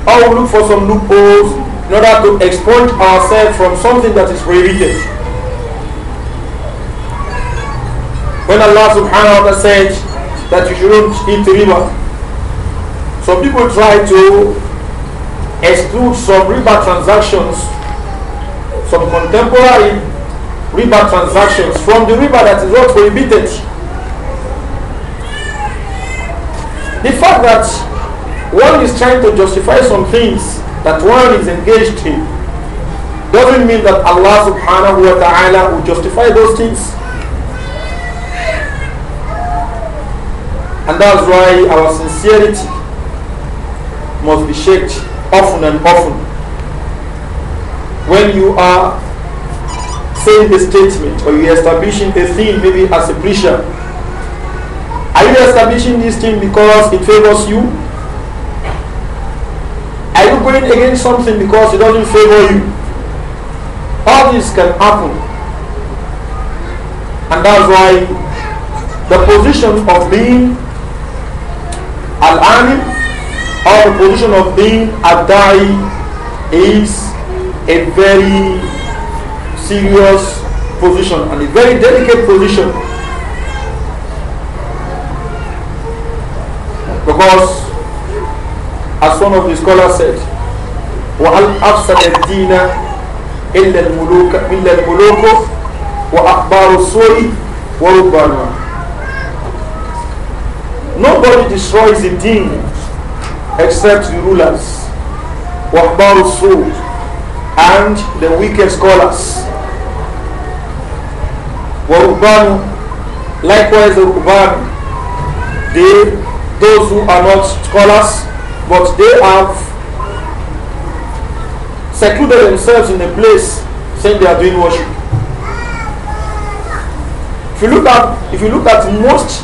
Or we look for some loopholes in order to exploit ourselves from something that is prohibited. When Allah subhanahu wa ta'ala said that you shouldn't eat riba, some people try to exclude some riba transactions, some contemporary riba transactions from the riba that is not prohibited. The fact that one is trying to justify some things that one is engaged in doesn't mean that Allah subhanahu wa ta'ala will justify those things. And that's why our sincerity must be shaped often and often. When you are saying a statement or you're establishing a thing maybe as a preacher, are you establishing this thing because it favors you? Are you going against something because it doesn't favor you? All this can happen. And that's why the position of being an army or the position of being a da'i is a very serious position and a very delicate position because as one of the scholars said وَهَلْ أَفْسَدَ الدِّينَ إِلَّا الْمُلُوكَ إِلَّا الْمُلُوكُ وَأَخْبَارُ السُّوءِ وَرُبَّانُ Nobody destroys the deen except the rulers, Wahbar Sud, and the wicked scholars. Waruban, likewise the they, those who are not scholars, but they have secluded themselves in a place saying they are doing worship. If you look at, if you look at most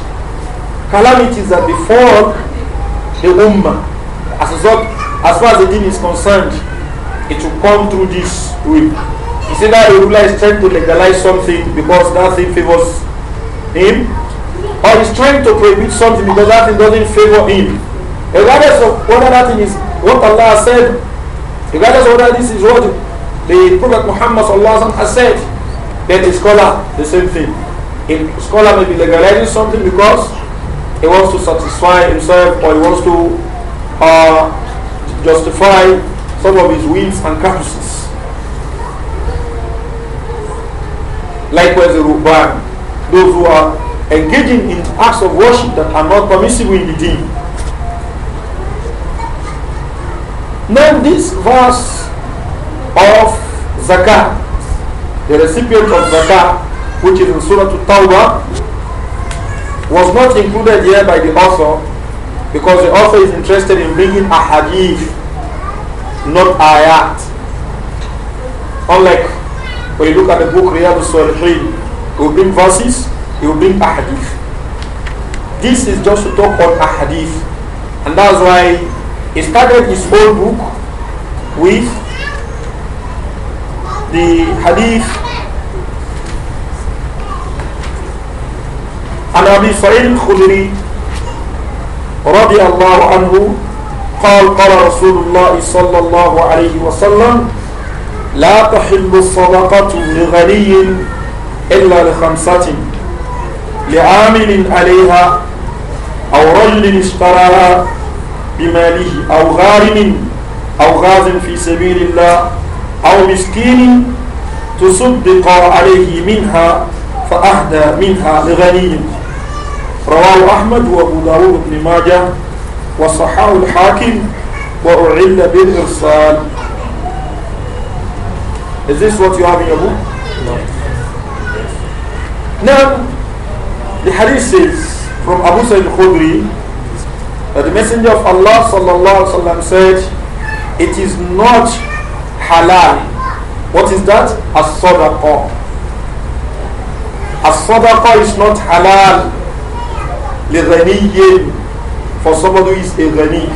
calamities that befall the Ummah, as, as far as the dean is concerned, it will come through this whip. You see that a ruler is trying to legalize something because that thing favors him, or he's trying to prohibit something because that thing doesn't favor him. Regardless of whether that thing is what Allah has said, regardless of whether this is what the Prophet Muhammad has said, then the scholar, the same thing. A scholar may be legalizing something because he wants to satisfy himself or he wants to uh, justify some of his whims and caprices. Likewise, the Ruban, those who are engaging in acts of worship that are not permissible in the deen. Now, this verse of Zakah, the recipient of Zakah, which is in Surah Tawbah, was not included here by the author because the author is interested in bringing a hadith, not ayat. Unlike when you look at the book Riyadh al-Salihin, he will bring verses, he will bring a hadith. This is just to talk on a hadith. And that's why he started his whole book with the hadith عن ابي سعيد الخدري رضي الله عنه قال قال رسول الله صلى الله عليه وسلم لا تحل الصدقة لغني إلا لخمسة لعامل عليها أو رجل اشتراها بماله أو غارم أو غاز في سبيل الله أو مسكين تصدق عليه منها فأهدى منها لغني رواه أحمد وأبو داود بن ماجه وصححه الحاكم وأعل بالإرسال Is this what you have in your book? No. Now, the hadith says from Abu Sayyid al-Khudri that the messenger of Allah sallallahu alaihi wasallam said, it is not halal. What is that? As-sadaqah. As-sadaqah is not halal. لغني for somebody who is a ghani.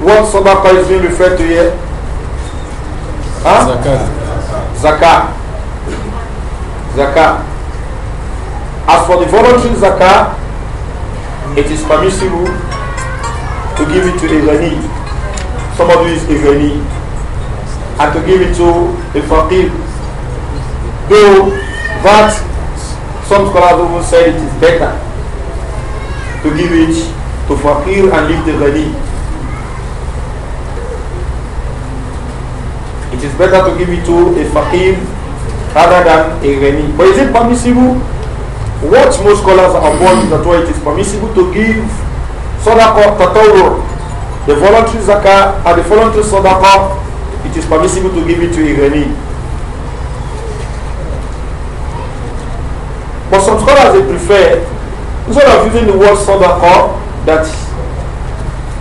What sadaqah is being referred to here? Huh? Zakat. Zakat. Zakat. As for the voluntary zakat, it is permissible to give it to a ghani, somebody who is a ghani, and to give it to a faqir. Though that Some scholars even say it is better to give it to Fakir and leave the Ghani. It is better to give it to a Fakir rather than a Ghani. But is it permissible? What most scholars are upon is that why it is permissible to give Sadaqah Tatawur, the voluntary zakah and the voluntary Sadaqah, it is permissible to give it to a Ghani. But some scholars they prefer, instead of using the word sadaqah, that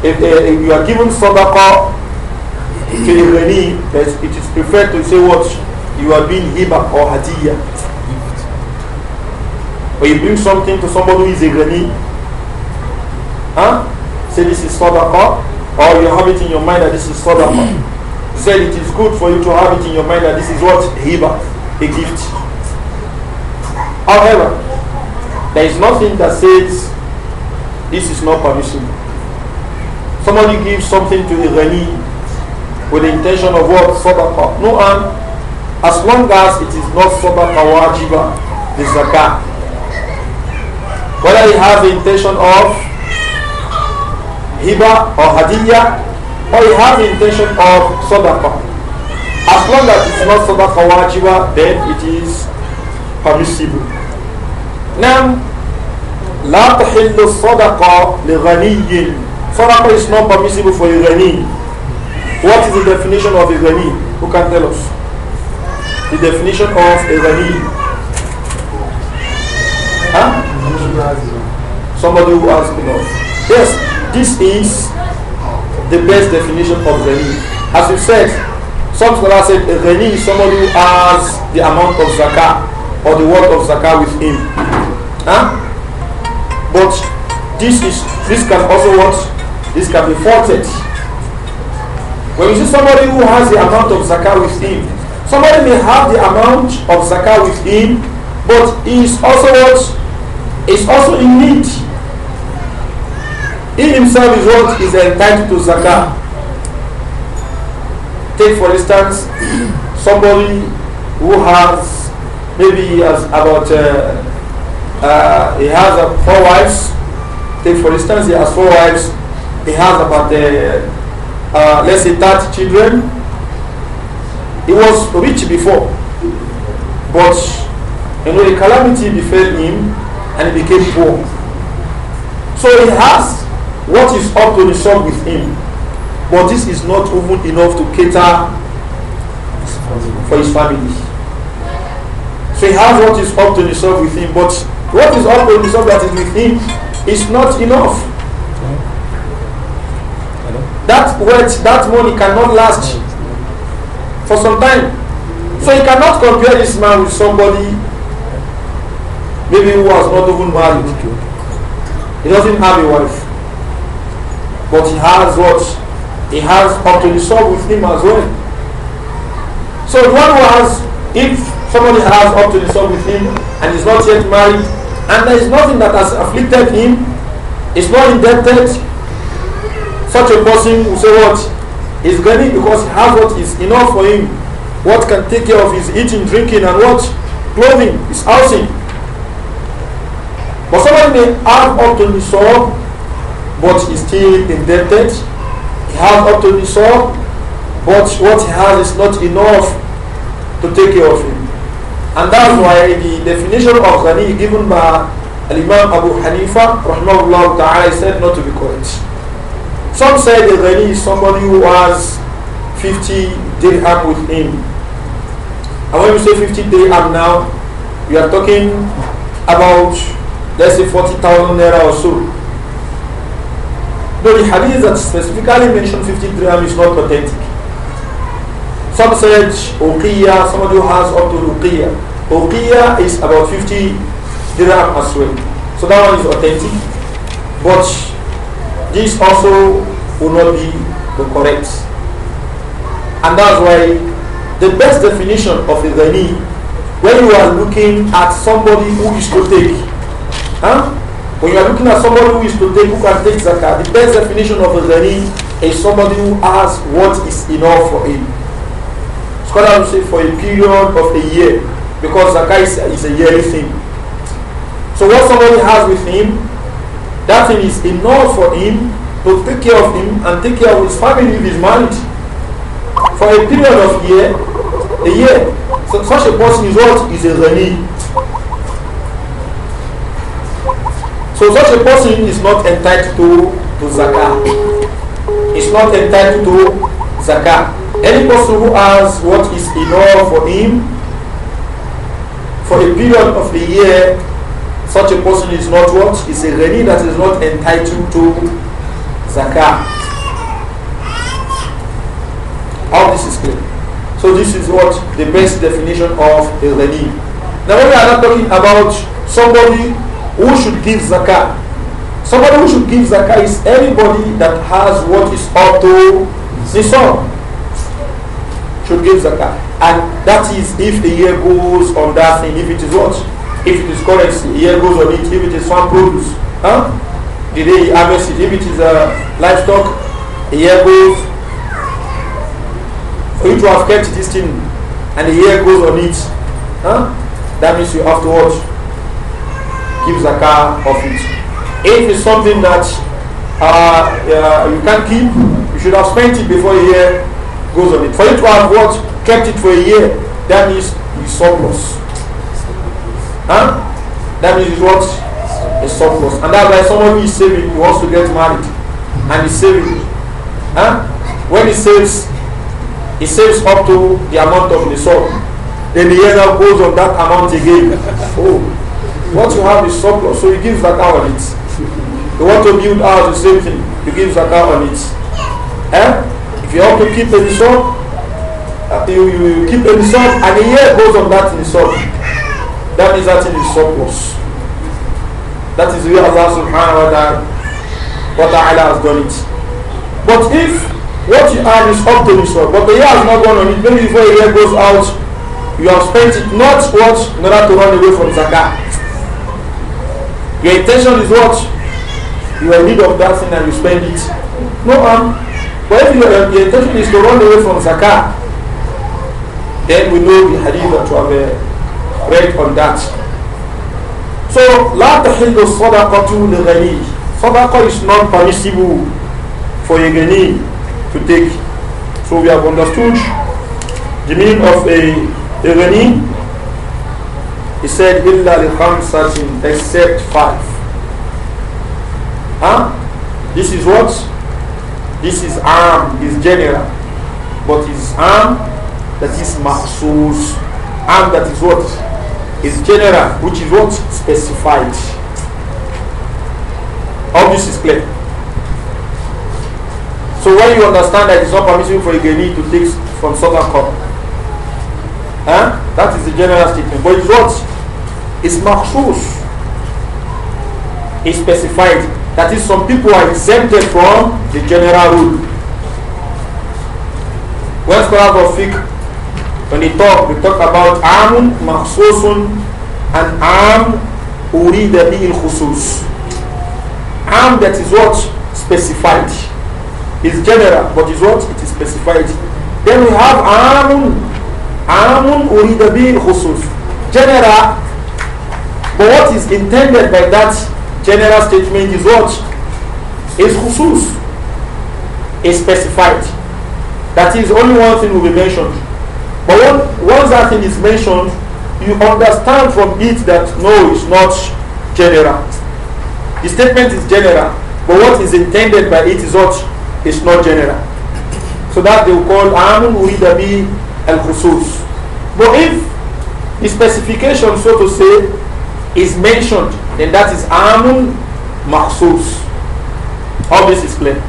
if, uh, if you are given sadaqah to a ghani, it is preferred to say what you are being hiba or hadiyah. Or you bring something to somebody who is a ghani, huh? say this is sadaqah, or you have it in your mind that this is sadaqah. Said it is good for you to have it in your mind that this is what? Hiba, a gift. However, there is nothing that says this is not permissible. Somebody gives something to the with the intention of what? Sadaqah. No harm. As long as it is not Sadaqah wajiba, the zakah. Whether he has the intention of Hiba or Hadiyah, or he has the intention of Sadaqah. As long as it's not Sadaqah wajiba, then it is permissible. Now, لا تحل الصدقة لغني Sadaqah is not permissible for a ghani. What is the definition of a ghani? Who can tell us? The definition of a ghani. Huh? Somebody who has enough. Yes, this is the best definition of ghani. As you said, some scholars said a ghani is somebody who has the amount of zakah or the word of zakah with him. Huh? But this is this can also what this can be faulted. When you see somebody who has the amount of zakah with him, somebody may have the amount of zakah with him, but he is also what is also in need. He himself is what is entitled to zakah. Take for instance [CLEARS THROAT] somebody who has maybe he has about uh, uh, he has uh, four wives. Take for instance, he has four wives. He has about uh, uh let's say 30 children. He was rich before, but you know a calamity befell him, and he became poor. So he has what is up to the sun with him, but this is not even enough to cater for his family. So he has what is up to himself with him, but what is up to himself that is with him is not enough. That wealth, that money cannot last for some time. So he cannot compare this man with somebody maybe who was not even married. He doesn't have a wife. But he has what? He has up to himself with him as well. So the one who has, if somebody has up to the sun with him and is not yet married, and there is nothing that has afflicted him, is not indebted, such a person will say what? He's getting because he has what is enough for him. What can take care of his eating, drinking, and what? Clothing, his housing. But somebody may have up to the soul, but is still indebted. He has up to the soul, but what he has is not enough to take care of him. And that's why the definition of Ghani given by Imam Abu Hanifa rahmahullah ta'ala said not to be correct. Some say the Ghani is somebody who has 50 dirham with him. And when you say 50 dirham now, you are talking about let's say 40,000 naira or so. But the hadith that specifically mentioned 50 dirham is not authentic. Some said Uqiyya, somebody who has up to Uqiyya. Uqiyya is about 50 dirham as well. So that one is authentic. But this also will not be the correct. And that's why the best definition of a dhani, when you are looking at somebody who is to take, huh? when you are looking at somebody who is to take, who can take zakat, the best definition of a dhani is somebody who has what is enough for him. Scholars say for a period of a year because zakah is, is a yearly thing. So what somebody has with him, that thing is enough for him to take care of him and take care of his family if he's married for a period of year, a year. So such a person is what is a ghani. So such a person is not entitled to, to zakah. It's not entitled to zakah. Any person who has what is enough for him for a period of the year, such a person is not what? Is a reni that is not entitled to zakah. All this is clear. So this is what the best definition of a reni. Now when we are not talking about somebody who should give zakah, somebody who should give zakah is anybody that has what is up to nisab should give zakah. And that is if the year goes on that thing, if it is what? If it is currency, the year goes on it, if it is farm produce, huh? the day he harvests it, if it is uh, livestock, the year goes. For you to have kept this thing and the year goes on it, huh? that means you have to watch, give zakah of it. If it's something that uh, uh, you can't keep, you should have spent it before year goes on it. For you to have what? Kept it for a year, that means you surplus. Huh? That means it's what? A surplus. And that's why somebody is saving, he wants to get married. And he's saving. Huh? When he saves, he saves up to the amount of the soul. Then the year now goes on that amount again. oh, what you have is surplus, so you give that on it. You want to build house, the same thing, you give that on it. huh? Eh? You have to keep a nisab. Uh, you, you, you keep a nisab and a year goes on that nisab. That means that thing is surplus. That is where Allah subhanahu wa ta'ala, wa ta'ala has done it. But if what you earn is up to nisab, but the year has not gone on it, maybe before a year goes out, you have spent it not what in order to run away from zakat. Your intention is what? You are in need of that thing and you spend it. No harm. Um, But if your intention is to run away from zakah, then we know the hadith that we have uh, read on that. So, لا تحل الصدقة لغني Sadaqah is not permissible for a ghani to take. So we have understood the meaning of a, a He said, إِلَّا لِخَمْسَةٍ except five. Huh? This is what? This is arm is general, but his arm that is mahsus, arm that is what is general, which is what specified. All this is clear. So when you understand that it's not permissible for a geni to take from southern cup, huh? that is the general statement. But it's what is mahsus, is specified. That is, some people are exempted from the general rule. When scholars of fiqh, when they talk, they talk about amun makhsusun and am urida bi'il khusus. Am that is what? Specified. is general, but is what? It is specified. Then we have amun, amun urida bi'il khusus. General, but what is intended by that general statement is what? Is khusus. Is specified. That is only one thing will be mentioned. But when, once that thing is mentioned, you understand from it that no, it's not general. The statement is general, but what is intended by it is what is not general. So that they will call Amun Uridabi al khusus. But if the specification, so to say, is mentioned then that is amun maqsus. All this is clear.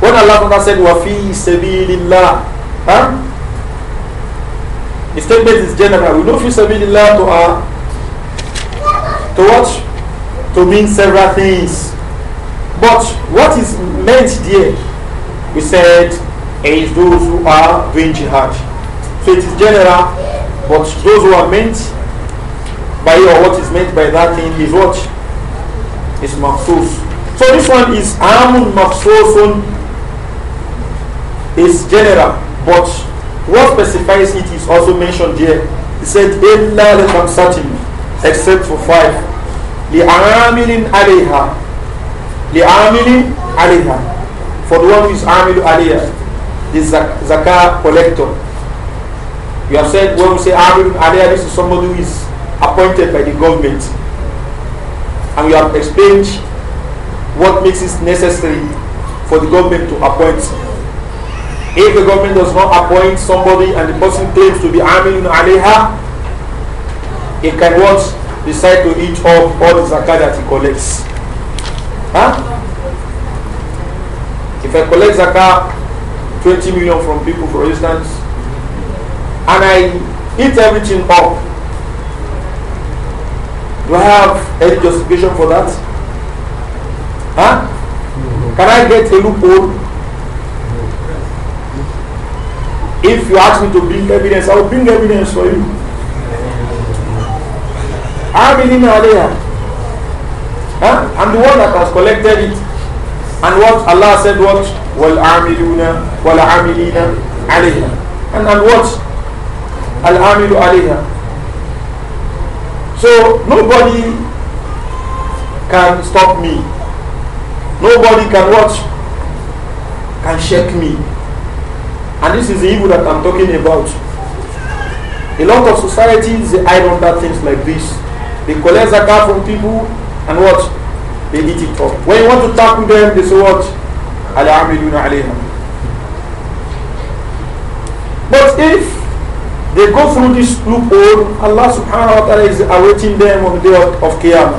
When Allah said, wa fi sabilillah, huh? The statement is general. We know fi sabilillah to, uh, to what? To mean several things. But what is meant there? We said is those who are doing jihad. So it is general, but those who are meant by or what is meant by that thing is what? Is mafsus. So this one is amun mafsusun is general, but what specifies it is also mentioned here. It said, إِلَّا لِخَمْسَةٍ except for five. لِعَامِلٍ عَلَيْهَا لِعَامِلٍ aliha. For the one who is عَامِلُ عَلَيْهَا the zak zakah collector. You have said, when we say عَامِلٌ aliha, this is somebody who is appointed by the government. And we have explained what makes it necessary for the government to appoint. If the government does not appoint somebody and the person claims to be Amin Aleha, he can what? Decide to eat up all the zakat that he collects. Huh? If I collect zakat, 20 million from people, for instance, and I eat everything up, do I have any justification for that? Huh? Can I get a loophole? If you ask me to bring evidence, I will bring evidence for you. I believe in Allah. Huh? I'm the one that has collected it. And what Allah said what? wal-amilina عَلَيْهَا And, and what? الْعَامِلُ عَلَيْهَا so nobody can stop me. Nobody can watch, can shake me. And this is the evil that I'm talking about. A lot of societies they hide under things like this. They collect zakat from people and what? They eat it up. When you want to talk with them, they say what? Ala amiluna alayhim. But if they go through this loophole, Allah subhanahu wa ta'ala is awaiting them on the day of, of Qiyamah.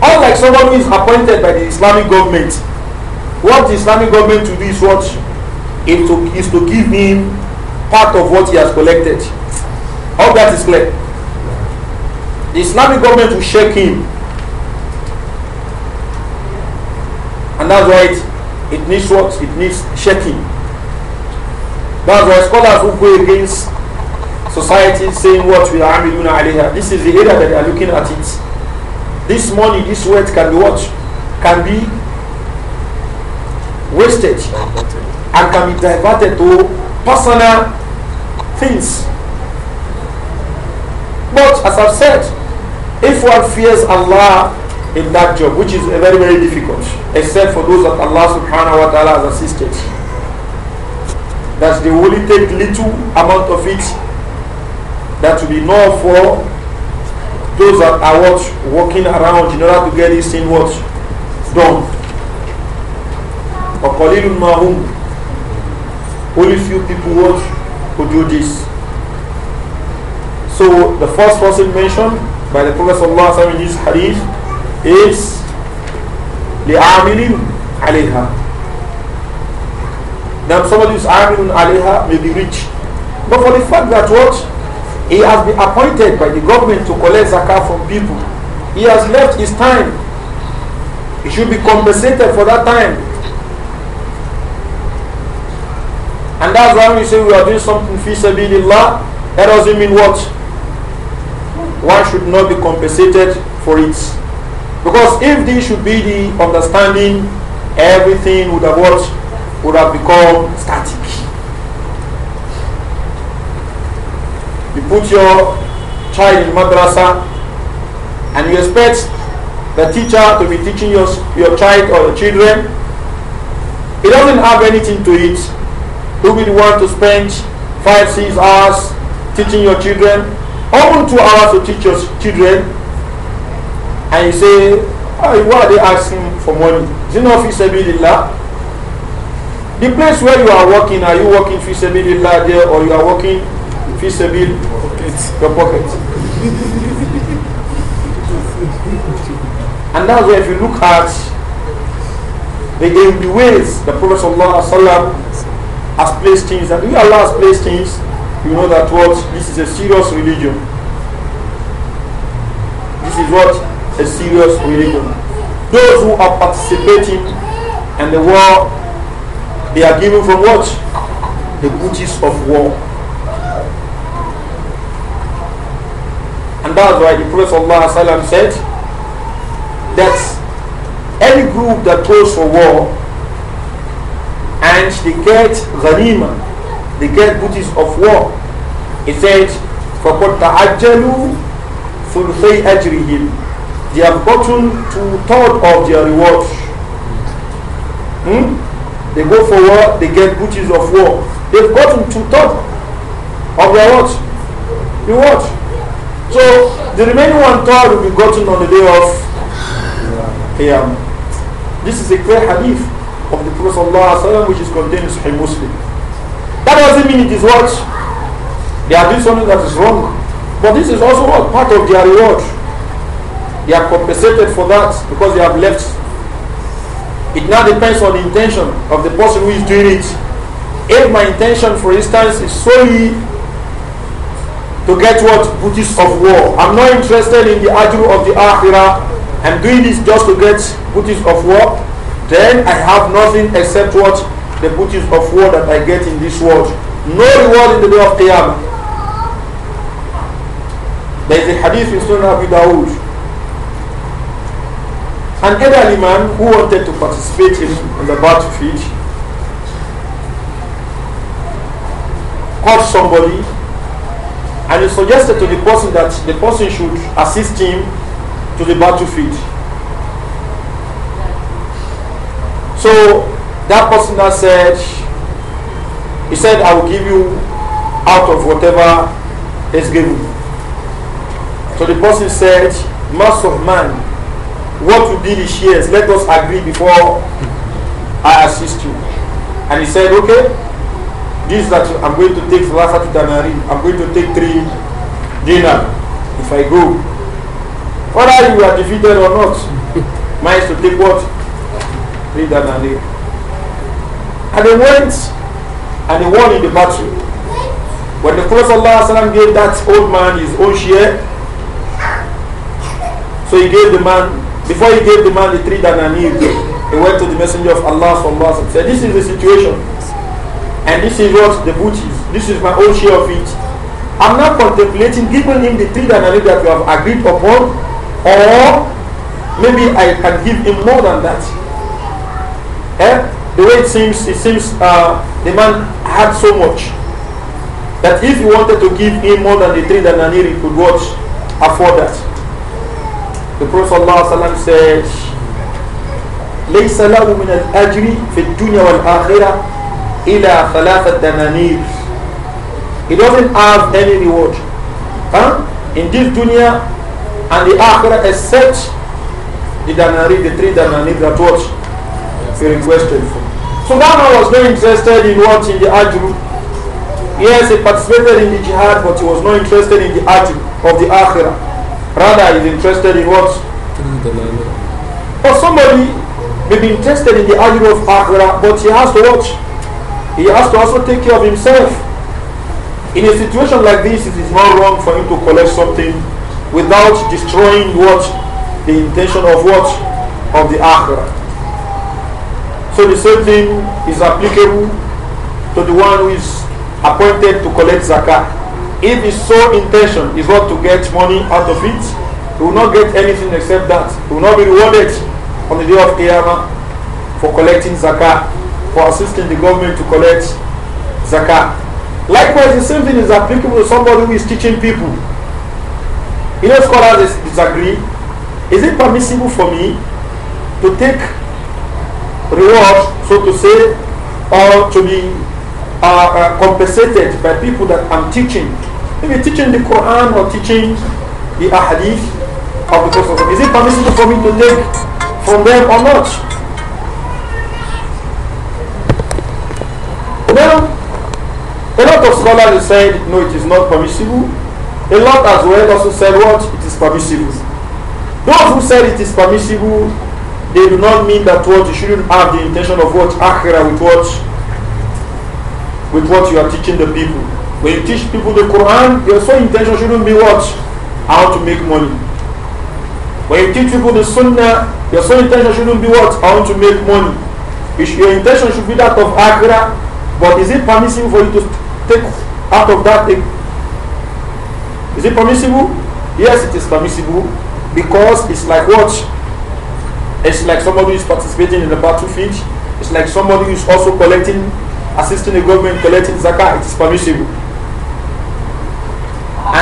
Unlike someone who is appointed by the Islamic government, what the Islamic government to do is what is to, is to give him part of what he has collected. All that is clear. The Islamic government will shake him. And that's why it, it needs what? It needs shaking. That's why scholars who go against society saying what we are amiluna alayha. This is the area that they are looking at it. This money, this wealth can be what? Can be wasted and can be diverted to personal things. But as I've said, if one fears Allah in that job, which is very, very difficult, except for those that Allah subhanahu wa ta'ala has assisted that they only take little amount of it that will be enough for those that are what walking around in order to get this thing what done. mahum. Only few people what who do this. So the first person mentioned by the Prophet Sallallahu Alaihi Wasallam in this hadith is لعامل عليها now somebody who's earning Aliha may be rich. But for the fact that what? He has been appointed by the government to collect zakah from people. He has left his time. He should be compensated for that time. And that's why we say we are doing something fi sabilillah. That doesn't mean what? One should not be compensated for it. Because if this should be the understanding, everything would have worked. would have become static. You put your child in madrasa and you expect the teacher to be teaching your, your child or the children. It doesn't have anything to it. Who will want to spend five, six hours teaching your children? Often two hours to teach your children. And you say, oh, why are they asking for money? Do you know if it's a The place where you are working, are you working fisabilillah there or you are working in your pocket? and that's where if you look at the, the ways the Prophet ﷺ has placed things, and if Allah has placed things, you know that what this is a serious religion. This is what a serious religion. Those who are participating in the war they are given from what? The booty of war. And that's why the Prophet ﷺ said that any group that goes for war and they get ghanima, they get booties of war, he said, فَقَدْ تَعَجَّلُوا ثُلْثَيْ أَجْرِهِمْ They have gotten to thirds of their reward. Hmm? They go for war, they get booties of war. They've gotten to top of their watch. You watch. So the remaining one third will be gotten on the day of Qiyam. This is a clear hadith of the Prophet which is contained in Sahih Muslim. That doesn't mean it is what? They are doing something that is wrong. But this is also what? Part of their reward. They are compensated for that because they have left it now depends on the intention of the person who is doing it. If my intention, for instance, is solely to get what booties of war, I'm not interested in the ajru of the akhirah. I'm doing this just to get booties of war. Then I have nothing except what the booties of war that I get in this world. No reward in the day of Qiyamah. There is a hadith in Sunnah Abu Dawud an elderly man who wanted to participate in, in the battlefield called somebody and he suggested to the person that the person should assist him to the battlefield. So that person that said, he said, I will give you out of whatever is given. So the person said, Master of man, what will be the shares? Let us agree before I assist you. And he said, okay, this that I'm going to take to Danari. I'm going to take three dinner if I go. Whether you are defeated or not, [LAUGHS] mine is to take what? Three Danari?". And they went and they won in the battle. When the Prophet gave that old man his own share, so he gave the man before he gave the man the three dananir, he went to the messenger of Allah sallallahu and said, this is the situation. And this is what the booty is. This is my own share of it. I'm not contemplating giving him the three dananir that you have agreed upon or maybe I can give him more than that. Eh? The way it seems, it seems uh, the man had so much that if he wanted to give him more than the three dananir, he could watch afford that. The Prophet ﷺ says, ليس له من الأجر في الدنيا والآخرة إلى ثلاثة دنانير He doesn't have any reward huh? in this dunya and the akhirah except the danari, the three danari that what he requested for. So that man was not interested in what in the ajru. Yes, he participated in the jihad, but he was not interested in the ajru of the akhirah. Rather, is interested in what? Or somebody may be interested in the argument of Akhira, but he has to watch. He has to also take care of himself. In a situation like this, it is not wrong for him to collect something without destroying what? The intention of what? Of the Akhira. So the same thing is applicable to the one who is appointed to collect zakat if his sole intention is not to get money out of it, he will not get anything except that. He will not be rewarded on the day of Qiyamah for collecting zakah, for assisting the government to collect zakah. Likewise, the same thing is applicable to somebody who is teaching people. You know, scholars disagree. Is it permissible for me to take reward, so to say, or to be uh, uh, compensated by people that I'm teaching if you're teaching the Quran or teaching the Ahadith of the Prophet. Is it permissible for me to take from them or not? Well, a lot of scholars said no, it is not permissible. A lot as well also said what? It is permissible. Those who said it is permissible, they do not mean that what you shouldn't have the intention of what akhira with what with what you are teaching the people. When you teach people the Quran, your sole intention shouldn't be what? How to make money. When you teach people the Sunnah, your sole intention shouldn't be what? How to make money. Your intention should be that of Akhirah, but is it permissible for you to take out of that thing? Is it permissible? Yes, it is permissible because it's like what? It's like somebody who is participating in the battlefield. It's like somebody who is also collecting, assisting the government collecting zakat. It is permissible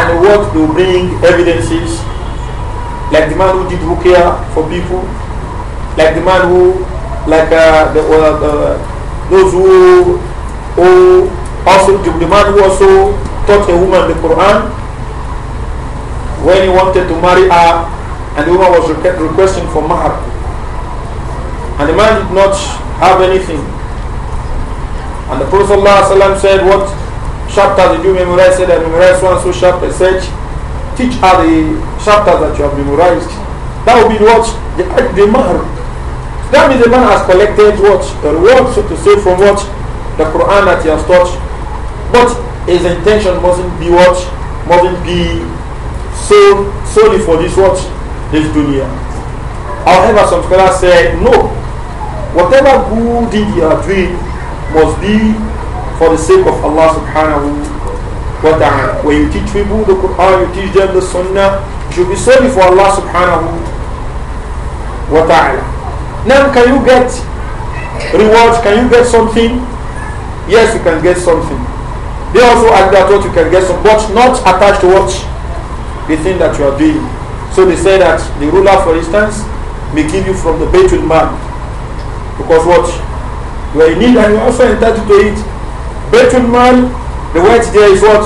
and what will bring evidences, like the man who did care for people, like the man who, like uh, the, uh, the, those who, who also, the, the man who also taught a woman the Quran when he wanted to marry her and the woman was requesting for mahar. And the man did not have anything. And the Prophet ﷺ said, what? chapters that you memorize? Said I memorized one so chapter. Said teach her the chapters that you have memorized. That will be what the, the mahr. That means the man has collected what the reward, so to say, from what the Quran that he has taught. But his intention mustn't be what mustn't be so solely for this what this dunya. However, some scholars say no. Whatever good deed you are doing must be for the sake of Allah subhanahu wa ta'ala. When you teach people the Quran, you teach them the Sunnah, you should be serving for Allah subhanahu wa ta'ala. Now, can you get rewards? Can you get something? Yes, you can get something. They also add that what you can get some, but not attached to what the thing that you are doing. So they say that the ruler, for instance, may give you from the Baitul Man. Because what? You are in need and you also entitled to it. Baitul Mal, the wealth there is what?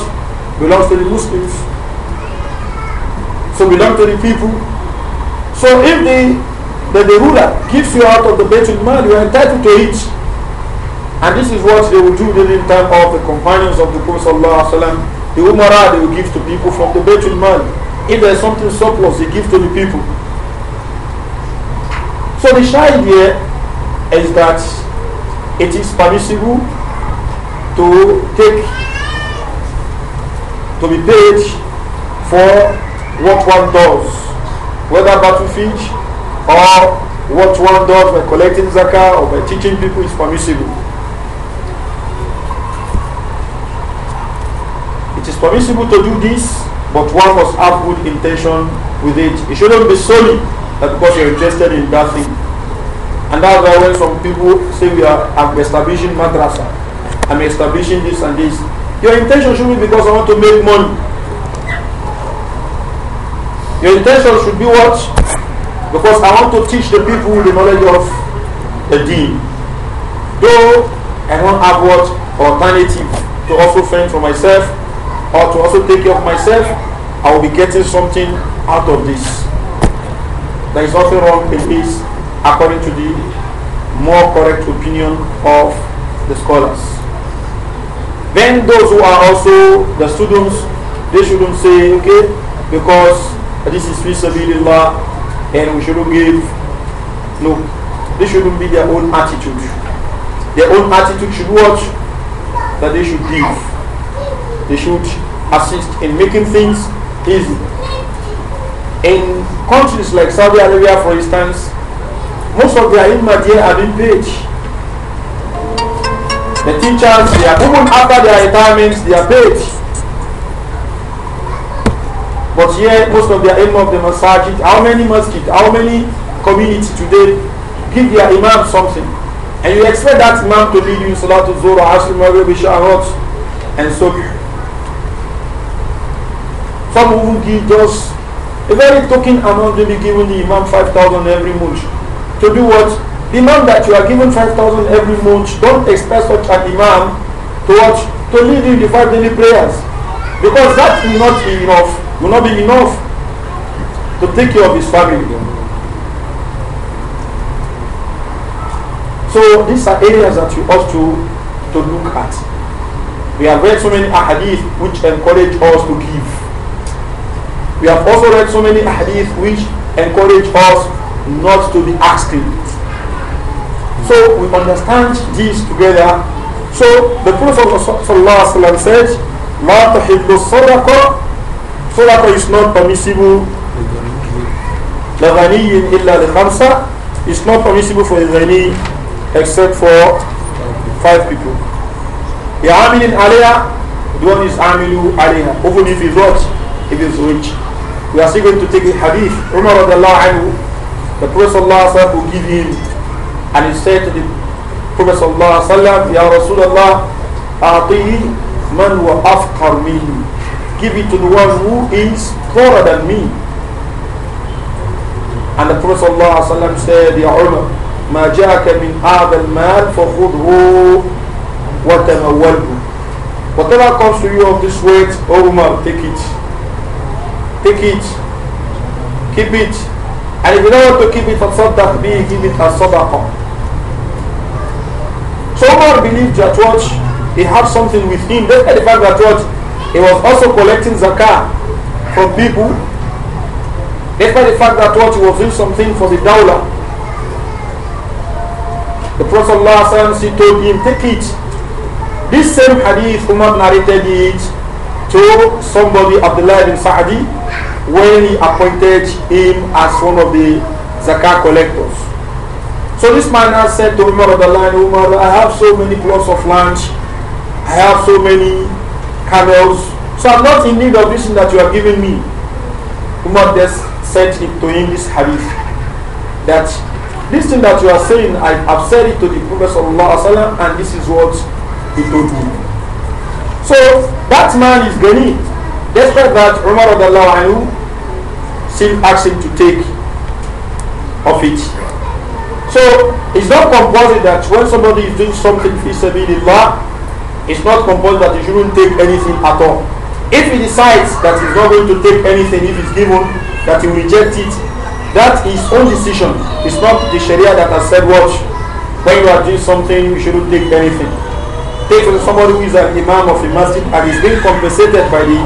Belongs to the Muslims. So belong to the people. So if the, the, the ruler gives you out of the Baitul Mal, you are entitled to it. And this is what they will do during the time of the companions of the Prophet Sallallahu The Umarah they will give to people from the Baitul Mal. If there is something surplus, they give to the people. So the shy idea is that it is permissible to take to be paid for what one does, whether battlefield or what one does by collecting zakah or by teaching people is permissible. It is permissible to do this, but one must have good intention with it. It shouldn't be solely that because you're interested in that thing. And that's why when some people say we are establishing madrasa, I'm establishing this and this. Your intention should be because I want to make money. Your intention should be what? Because I want to teach the people the knowledge of the deen. Though I don't have what alternative to also fend for myself or to also take care of myself, I will be getting something out of this. There is nothing wrong in this according to the more correct opinion of the scholars. Then those who are also the students, they shouldn't say, okay, because this is fisabilillah and we shouldn't give. No, this shouldn't be their own attitude. Their own attitude should watch that they should give. They should assist in making things easy. In countries like Saudi Arabia, for instance, most of their i are being paid the teachers, they are, even after their retirements, they are paid. But here, most of the aim of the masajid, how many masjid, how many community today give their imam something? And you expect that imam to lead you Salatul Zuhr, Asr, Maghrib, shahadat, and so Some who give just a very token amount will be given the imam 5,000 every month. To do what? Imam that you are given 5,000 every month, don't expect such an imam to watch, to lead you the five daily prayers. Because that will not be enough, will not be enough to take care of his family. So these are areas that you ought to, to look at. We have read so many ahadith which encourage us to give. We have also read so many ahadith which encourage us not to be asking. So we understand these together. So the Prophet ﷺ said, La tuhibbu sadaqa. Sadaqa is not permissible. Lavaniyin illa khamsa. is not permissible for the ghani except for five people. The in alia, The one is amilu alia. Even if he's rich, If he's rich. We are still going to take the hadith. Umar radiallahu anhu. The Prophet Wasallam will give him and he said to the Prophet sallallahu alaihi wasallam, Ya Rasulullah, ati man wa afqar minni. Give it to the one who is poorer than me. And the Prophet sallallahu alaihi wasallam said, Ya Umar, ما جاءك من هذا المال فخذه وتموله. Whatever comes to you of this weight, O Umar, take it. Take it. Keep it. And if you don't want to keep it for sadaqah, give it as sadaqah. Someone believed that what he had something with him. Despite the fact that what he was also collecting zakah from people. Despite the fact that what he was doing something for the dawla. The Prophet ﷺ, told him, take it. This same hadith, Umar narrated it to somebody, of Abdullah in Sa'adi, when he appointed him as one of the zakah collectors. So this man has said to Umar, Umar, I have so many plots of land, I have so many camels, so I'm not in need of this thing that you are giving me. Umar just said it to him this hadith that this thing that you are saying, I have said it to the Prophet wasallam, and this is what he told me. So that man is Ghani. Despite that, Umar anhu still asking to take of it. So it's not compulsory that when somebody is doing something fisabilillah, it's not compulsory that he shouldn't take anything at all. If he decides that he's not going to take anything, if it's given, that he will reject it, that's his own decision. It's not the Sharia that has said, watch, when you are doing something, you shouldn't take anything. Take from somebody who is an imam of a masjid and is being compensated by the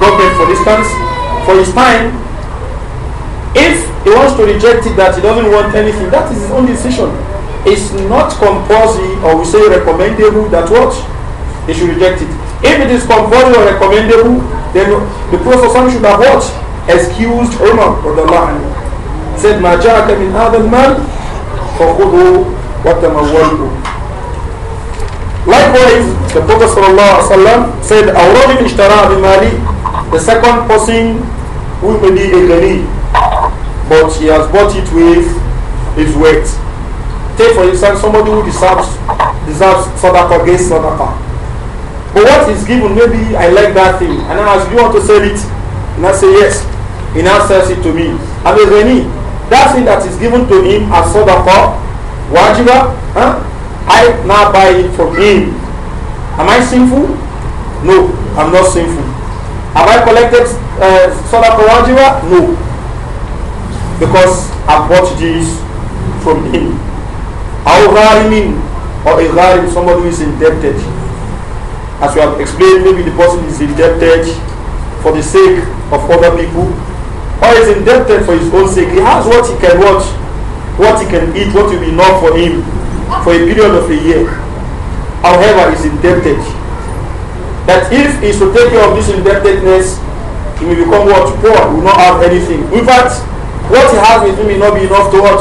government, for instance, for his time, if he wants to reject it, that he doesn't want anything, that is his own decision. It's not compulsory or we say recommendable that what? He should reject it. If it is compulsory or recommendable, then the Prophet should have what? Excused Umar for the Lion. Said, ما جاءك من هذا المال فخذه Likewise, the Prophet ﷺ said, أَوْرَضِ اشْتَرَى Mali, The second person will be a gani, but he has bought it with his weight. Take for instance somebody who deserves deserves sadaqa against sadaqa. But what is given, maybe I like that thing, and I ask you want to sell it, and I say yes, He now sells it to me. And there's any that thing that is given to him as sadaqa, wajiba, huh? I now buy it from him. Am I sinful? No, I'm not sinful. Have I collected uh, sadaqa wajiba? No. because I bought this from him. Our gharimin or a gharim, somebody who is indebted. As we have explained, maybe the person is indebted for the sake of other people or is indebted for his own sake. He has what he can watch, what he can eat, what will be enough for him for a period of a year. However, is indebted. That if he to take care of this indebtedness, he will become what? Poor, will not have anything. In fact, what he has with him may not be enough to what?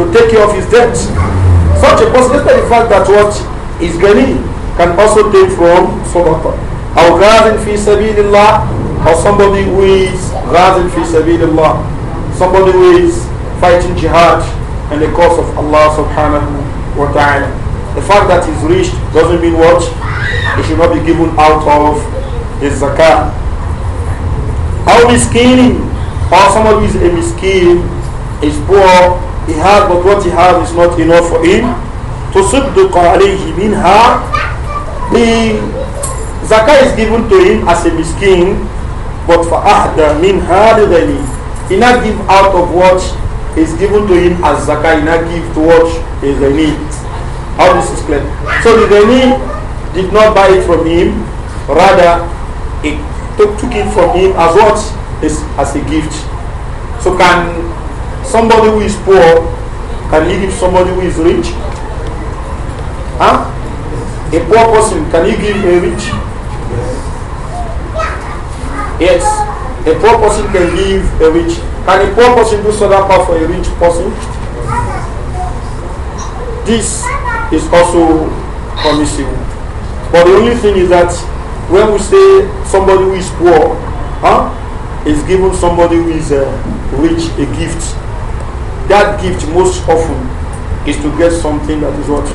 To take care of his debt. Such a person, despite the fact that what is gaining can also take from sadaqah. Or gazing fi sabilillah, or somebody who is gazing fi sabilillah, somebody who is fighting jihad in the cause of Allah subhanahu wa ta'ala. The fact that he's rich doesn't mean what? It should not be given out of his zakah. How is miskinin or somebody is a miskin, is poor, he has but what he has is not enough for him. To the he عليه منها the zakah is given to him as a miskin but for فأهدى منها لغني he not give out of what is given to him as zakah he not give to what is the need How this is clear so the Ghani did not buy it from him rather it took, took it from him as what is as a gift. So can somebody who is poor can give somebody who is rich? Huh? A poor person can give a rich? Yes. A poor person can give a rich. Can a poor person do power for a rich person? This is also permissible. But the only thing is that when we say somebody who is poor, huh? is given somebody who is uh, rich a gift. That gift most often is to get something that is what?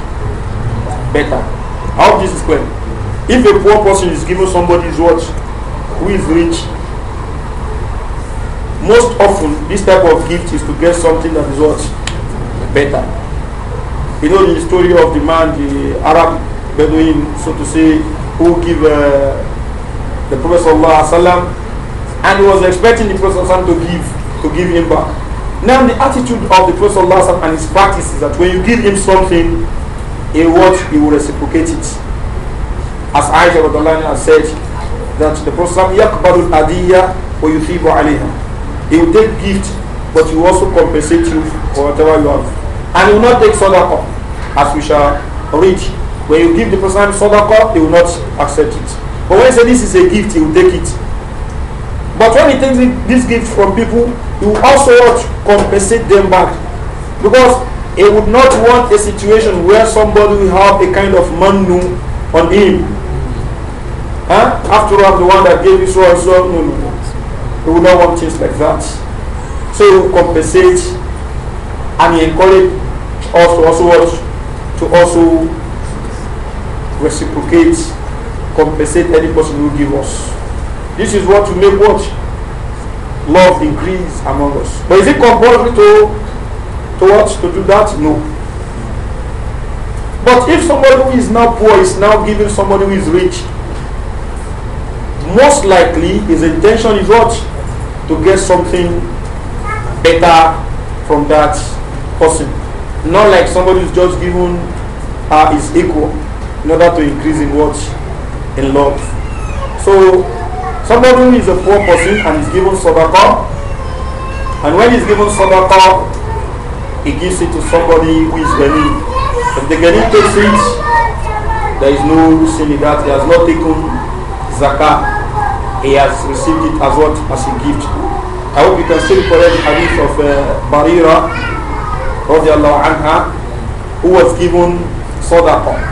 Better. How this is clear. If a poor person is given somebody's what? Who is rich, most often this type of gift is to get something that is what? Better. You know the story of the man, the Arab Bedouin, so to say, who give uh, the Prophet Sallallahu Alaihi Wasallam and he was expecting the Prophet to give to give him back. Now the attitude of the Prophet and his practice is that when you give him something, he what he will reciprocate it. As Aisha has said that the Prophet Yakbarul He will take gift but he will also compensate you for whatever you have. And he will not take sadaqah as we shall read. When you give the Prophet sadaqah, he will not accept it. But when you say this is a gift, he will take it. But when he takes this gift from people, he will also to compensate them back. Because he would not want a situation where somebody will have a kind of manu on him. Huh? After all, the one that gave Israel, so no, no, no. He would not want things like that. So he will compensate and he encouraged us to also watch, to also reciprocate, compensate any person who give us. This is what will make what? Love increase among us. But is it compulsory to, to what? To do that? No. But if somebody who is now poor is now giving somebody who is rich, most likely his intention is what? To get something better from that person. Not like somebody who's just given uh, is equal in order to increase in what? In love. So Somebody who is a poor person and is given sadaqah, and when he's given sadaqah, he gives it to somebody who is needy. If the gani takes it, there is no sin in that. He has not taken zakah. He has received it as what? As a gift. I hope you can still correct the hadith of uh, Barira anha who was given sadaqah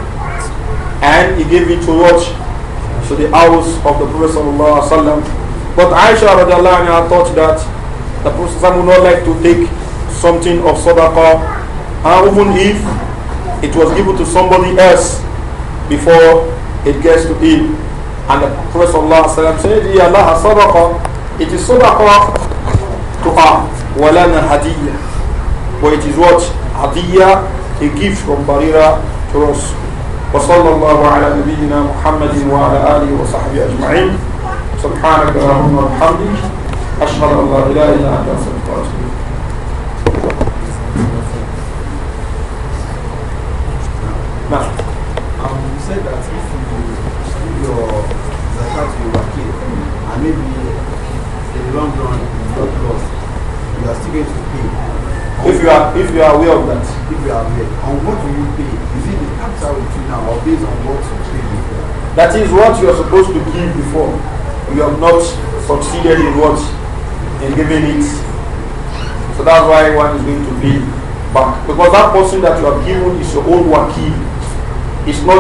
and he gave it to what? to the house of the Prophet sallallahu But Aisha radiallahu anha thought that the Prophet would not like to take something of sadaqah, and even if it was given to somebody else before it gets to him. And the Prophet sallallahu said, "Ya Allah sadaqah, it is sadaqah to her, walana hadiyah, but it is what hadiyah, a gift from Barira to us." وصلى الله على نبينا محمد وعلى آله وصحبه أجمعين سبحانك اللهم وبحمدك أشهد أن لا إله إلا أنت أستغفرك وأتوب إليك نعم. um, you maybe in the long run, you are still going to pay. If you are if you are aware of that. If you are aware, on what do you pay? Is it the capital you now or based on what you pay before? That is what you are supposed to give before. You have not succeeded in what in giving it. So that's why one is going to be back. Because that person that you have given is your own wakil. It's not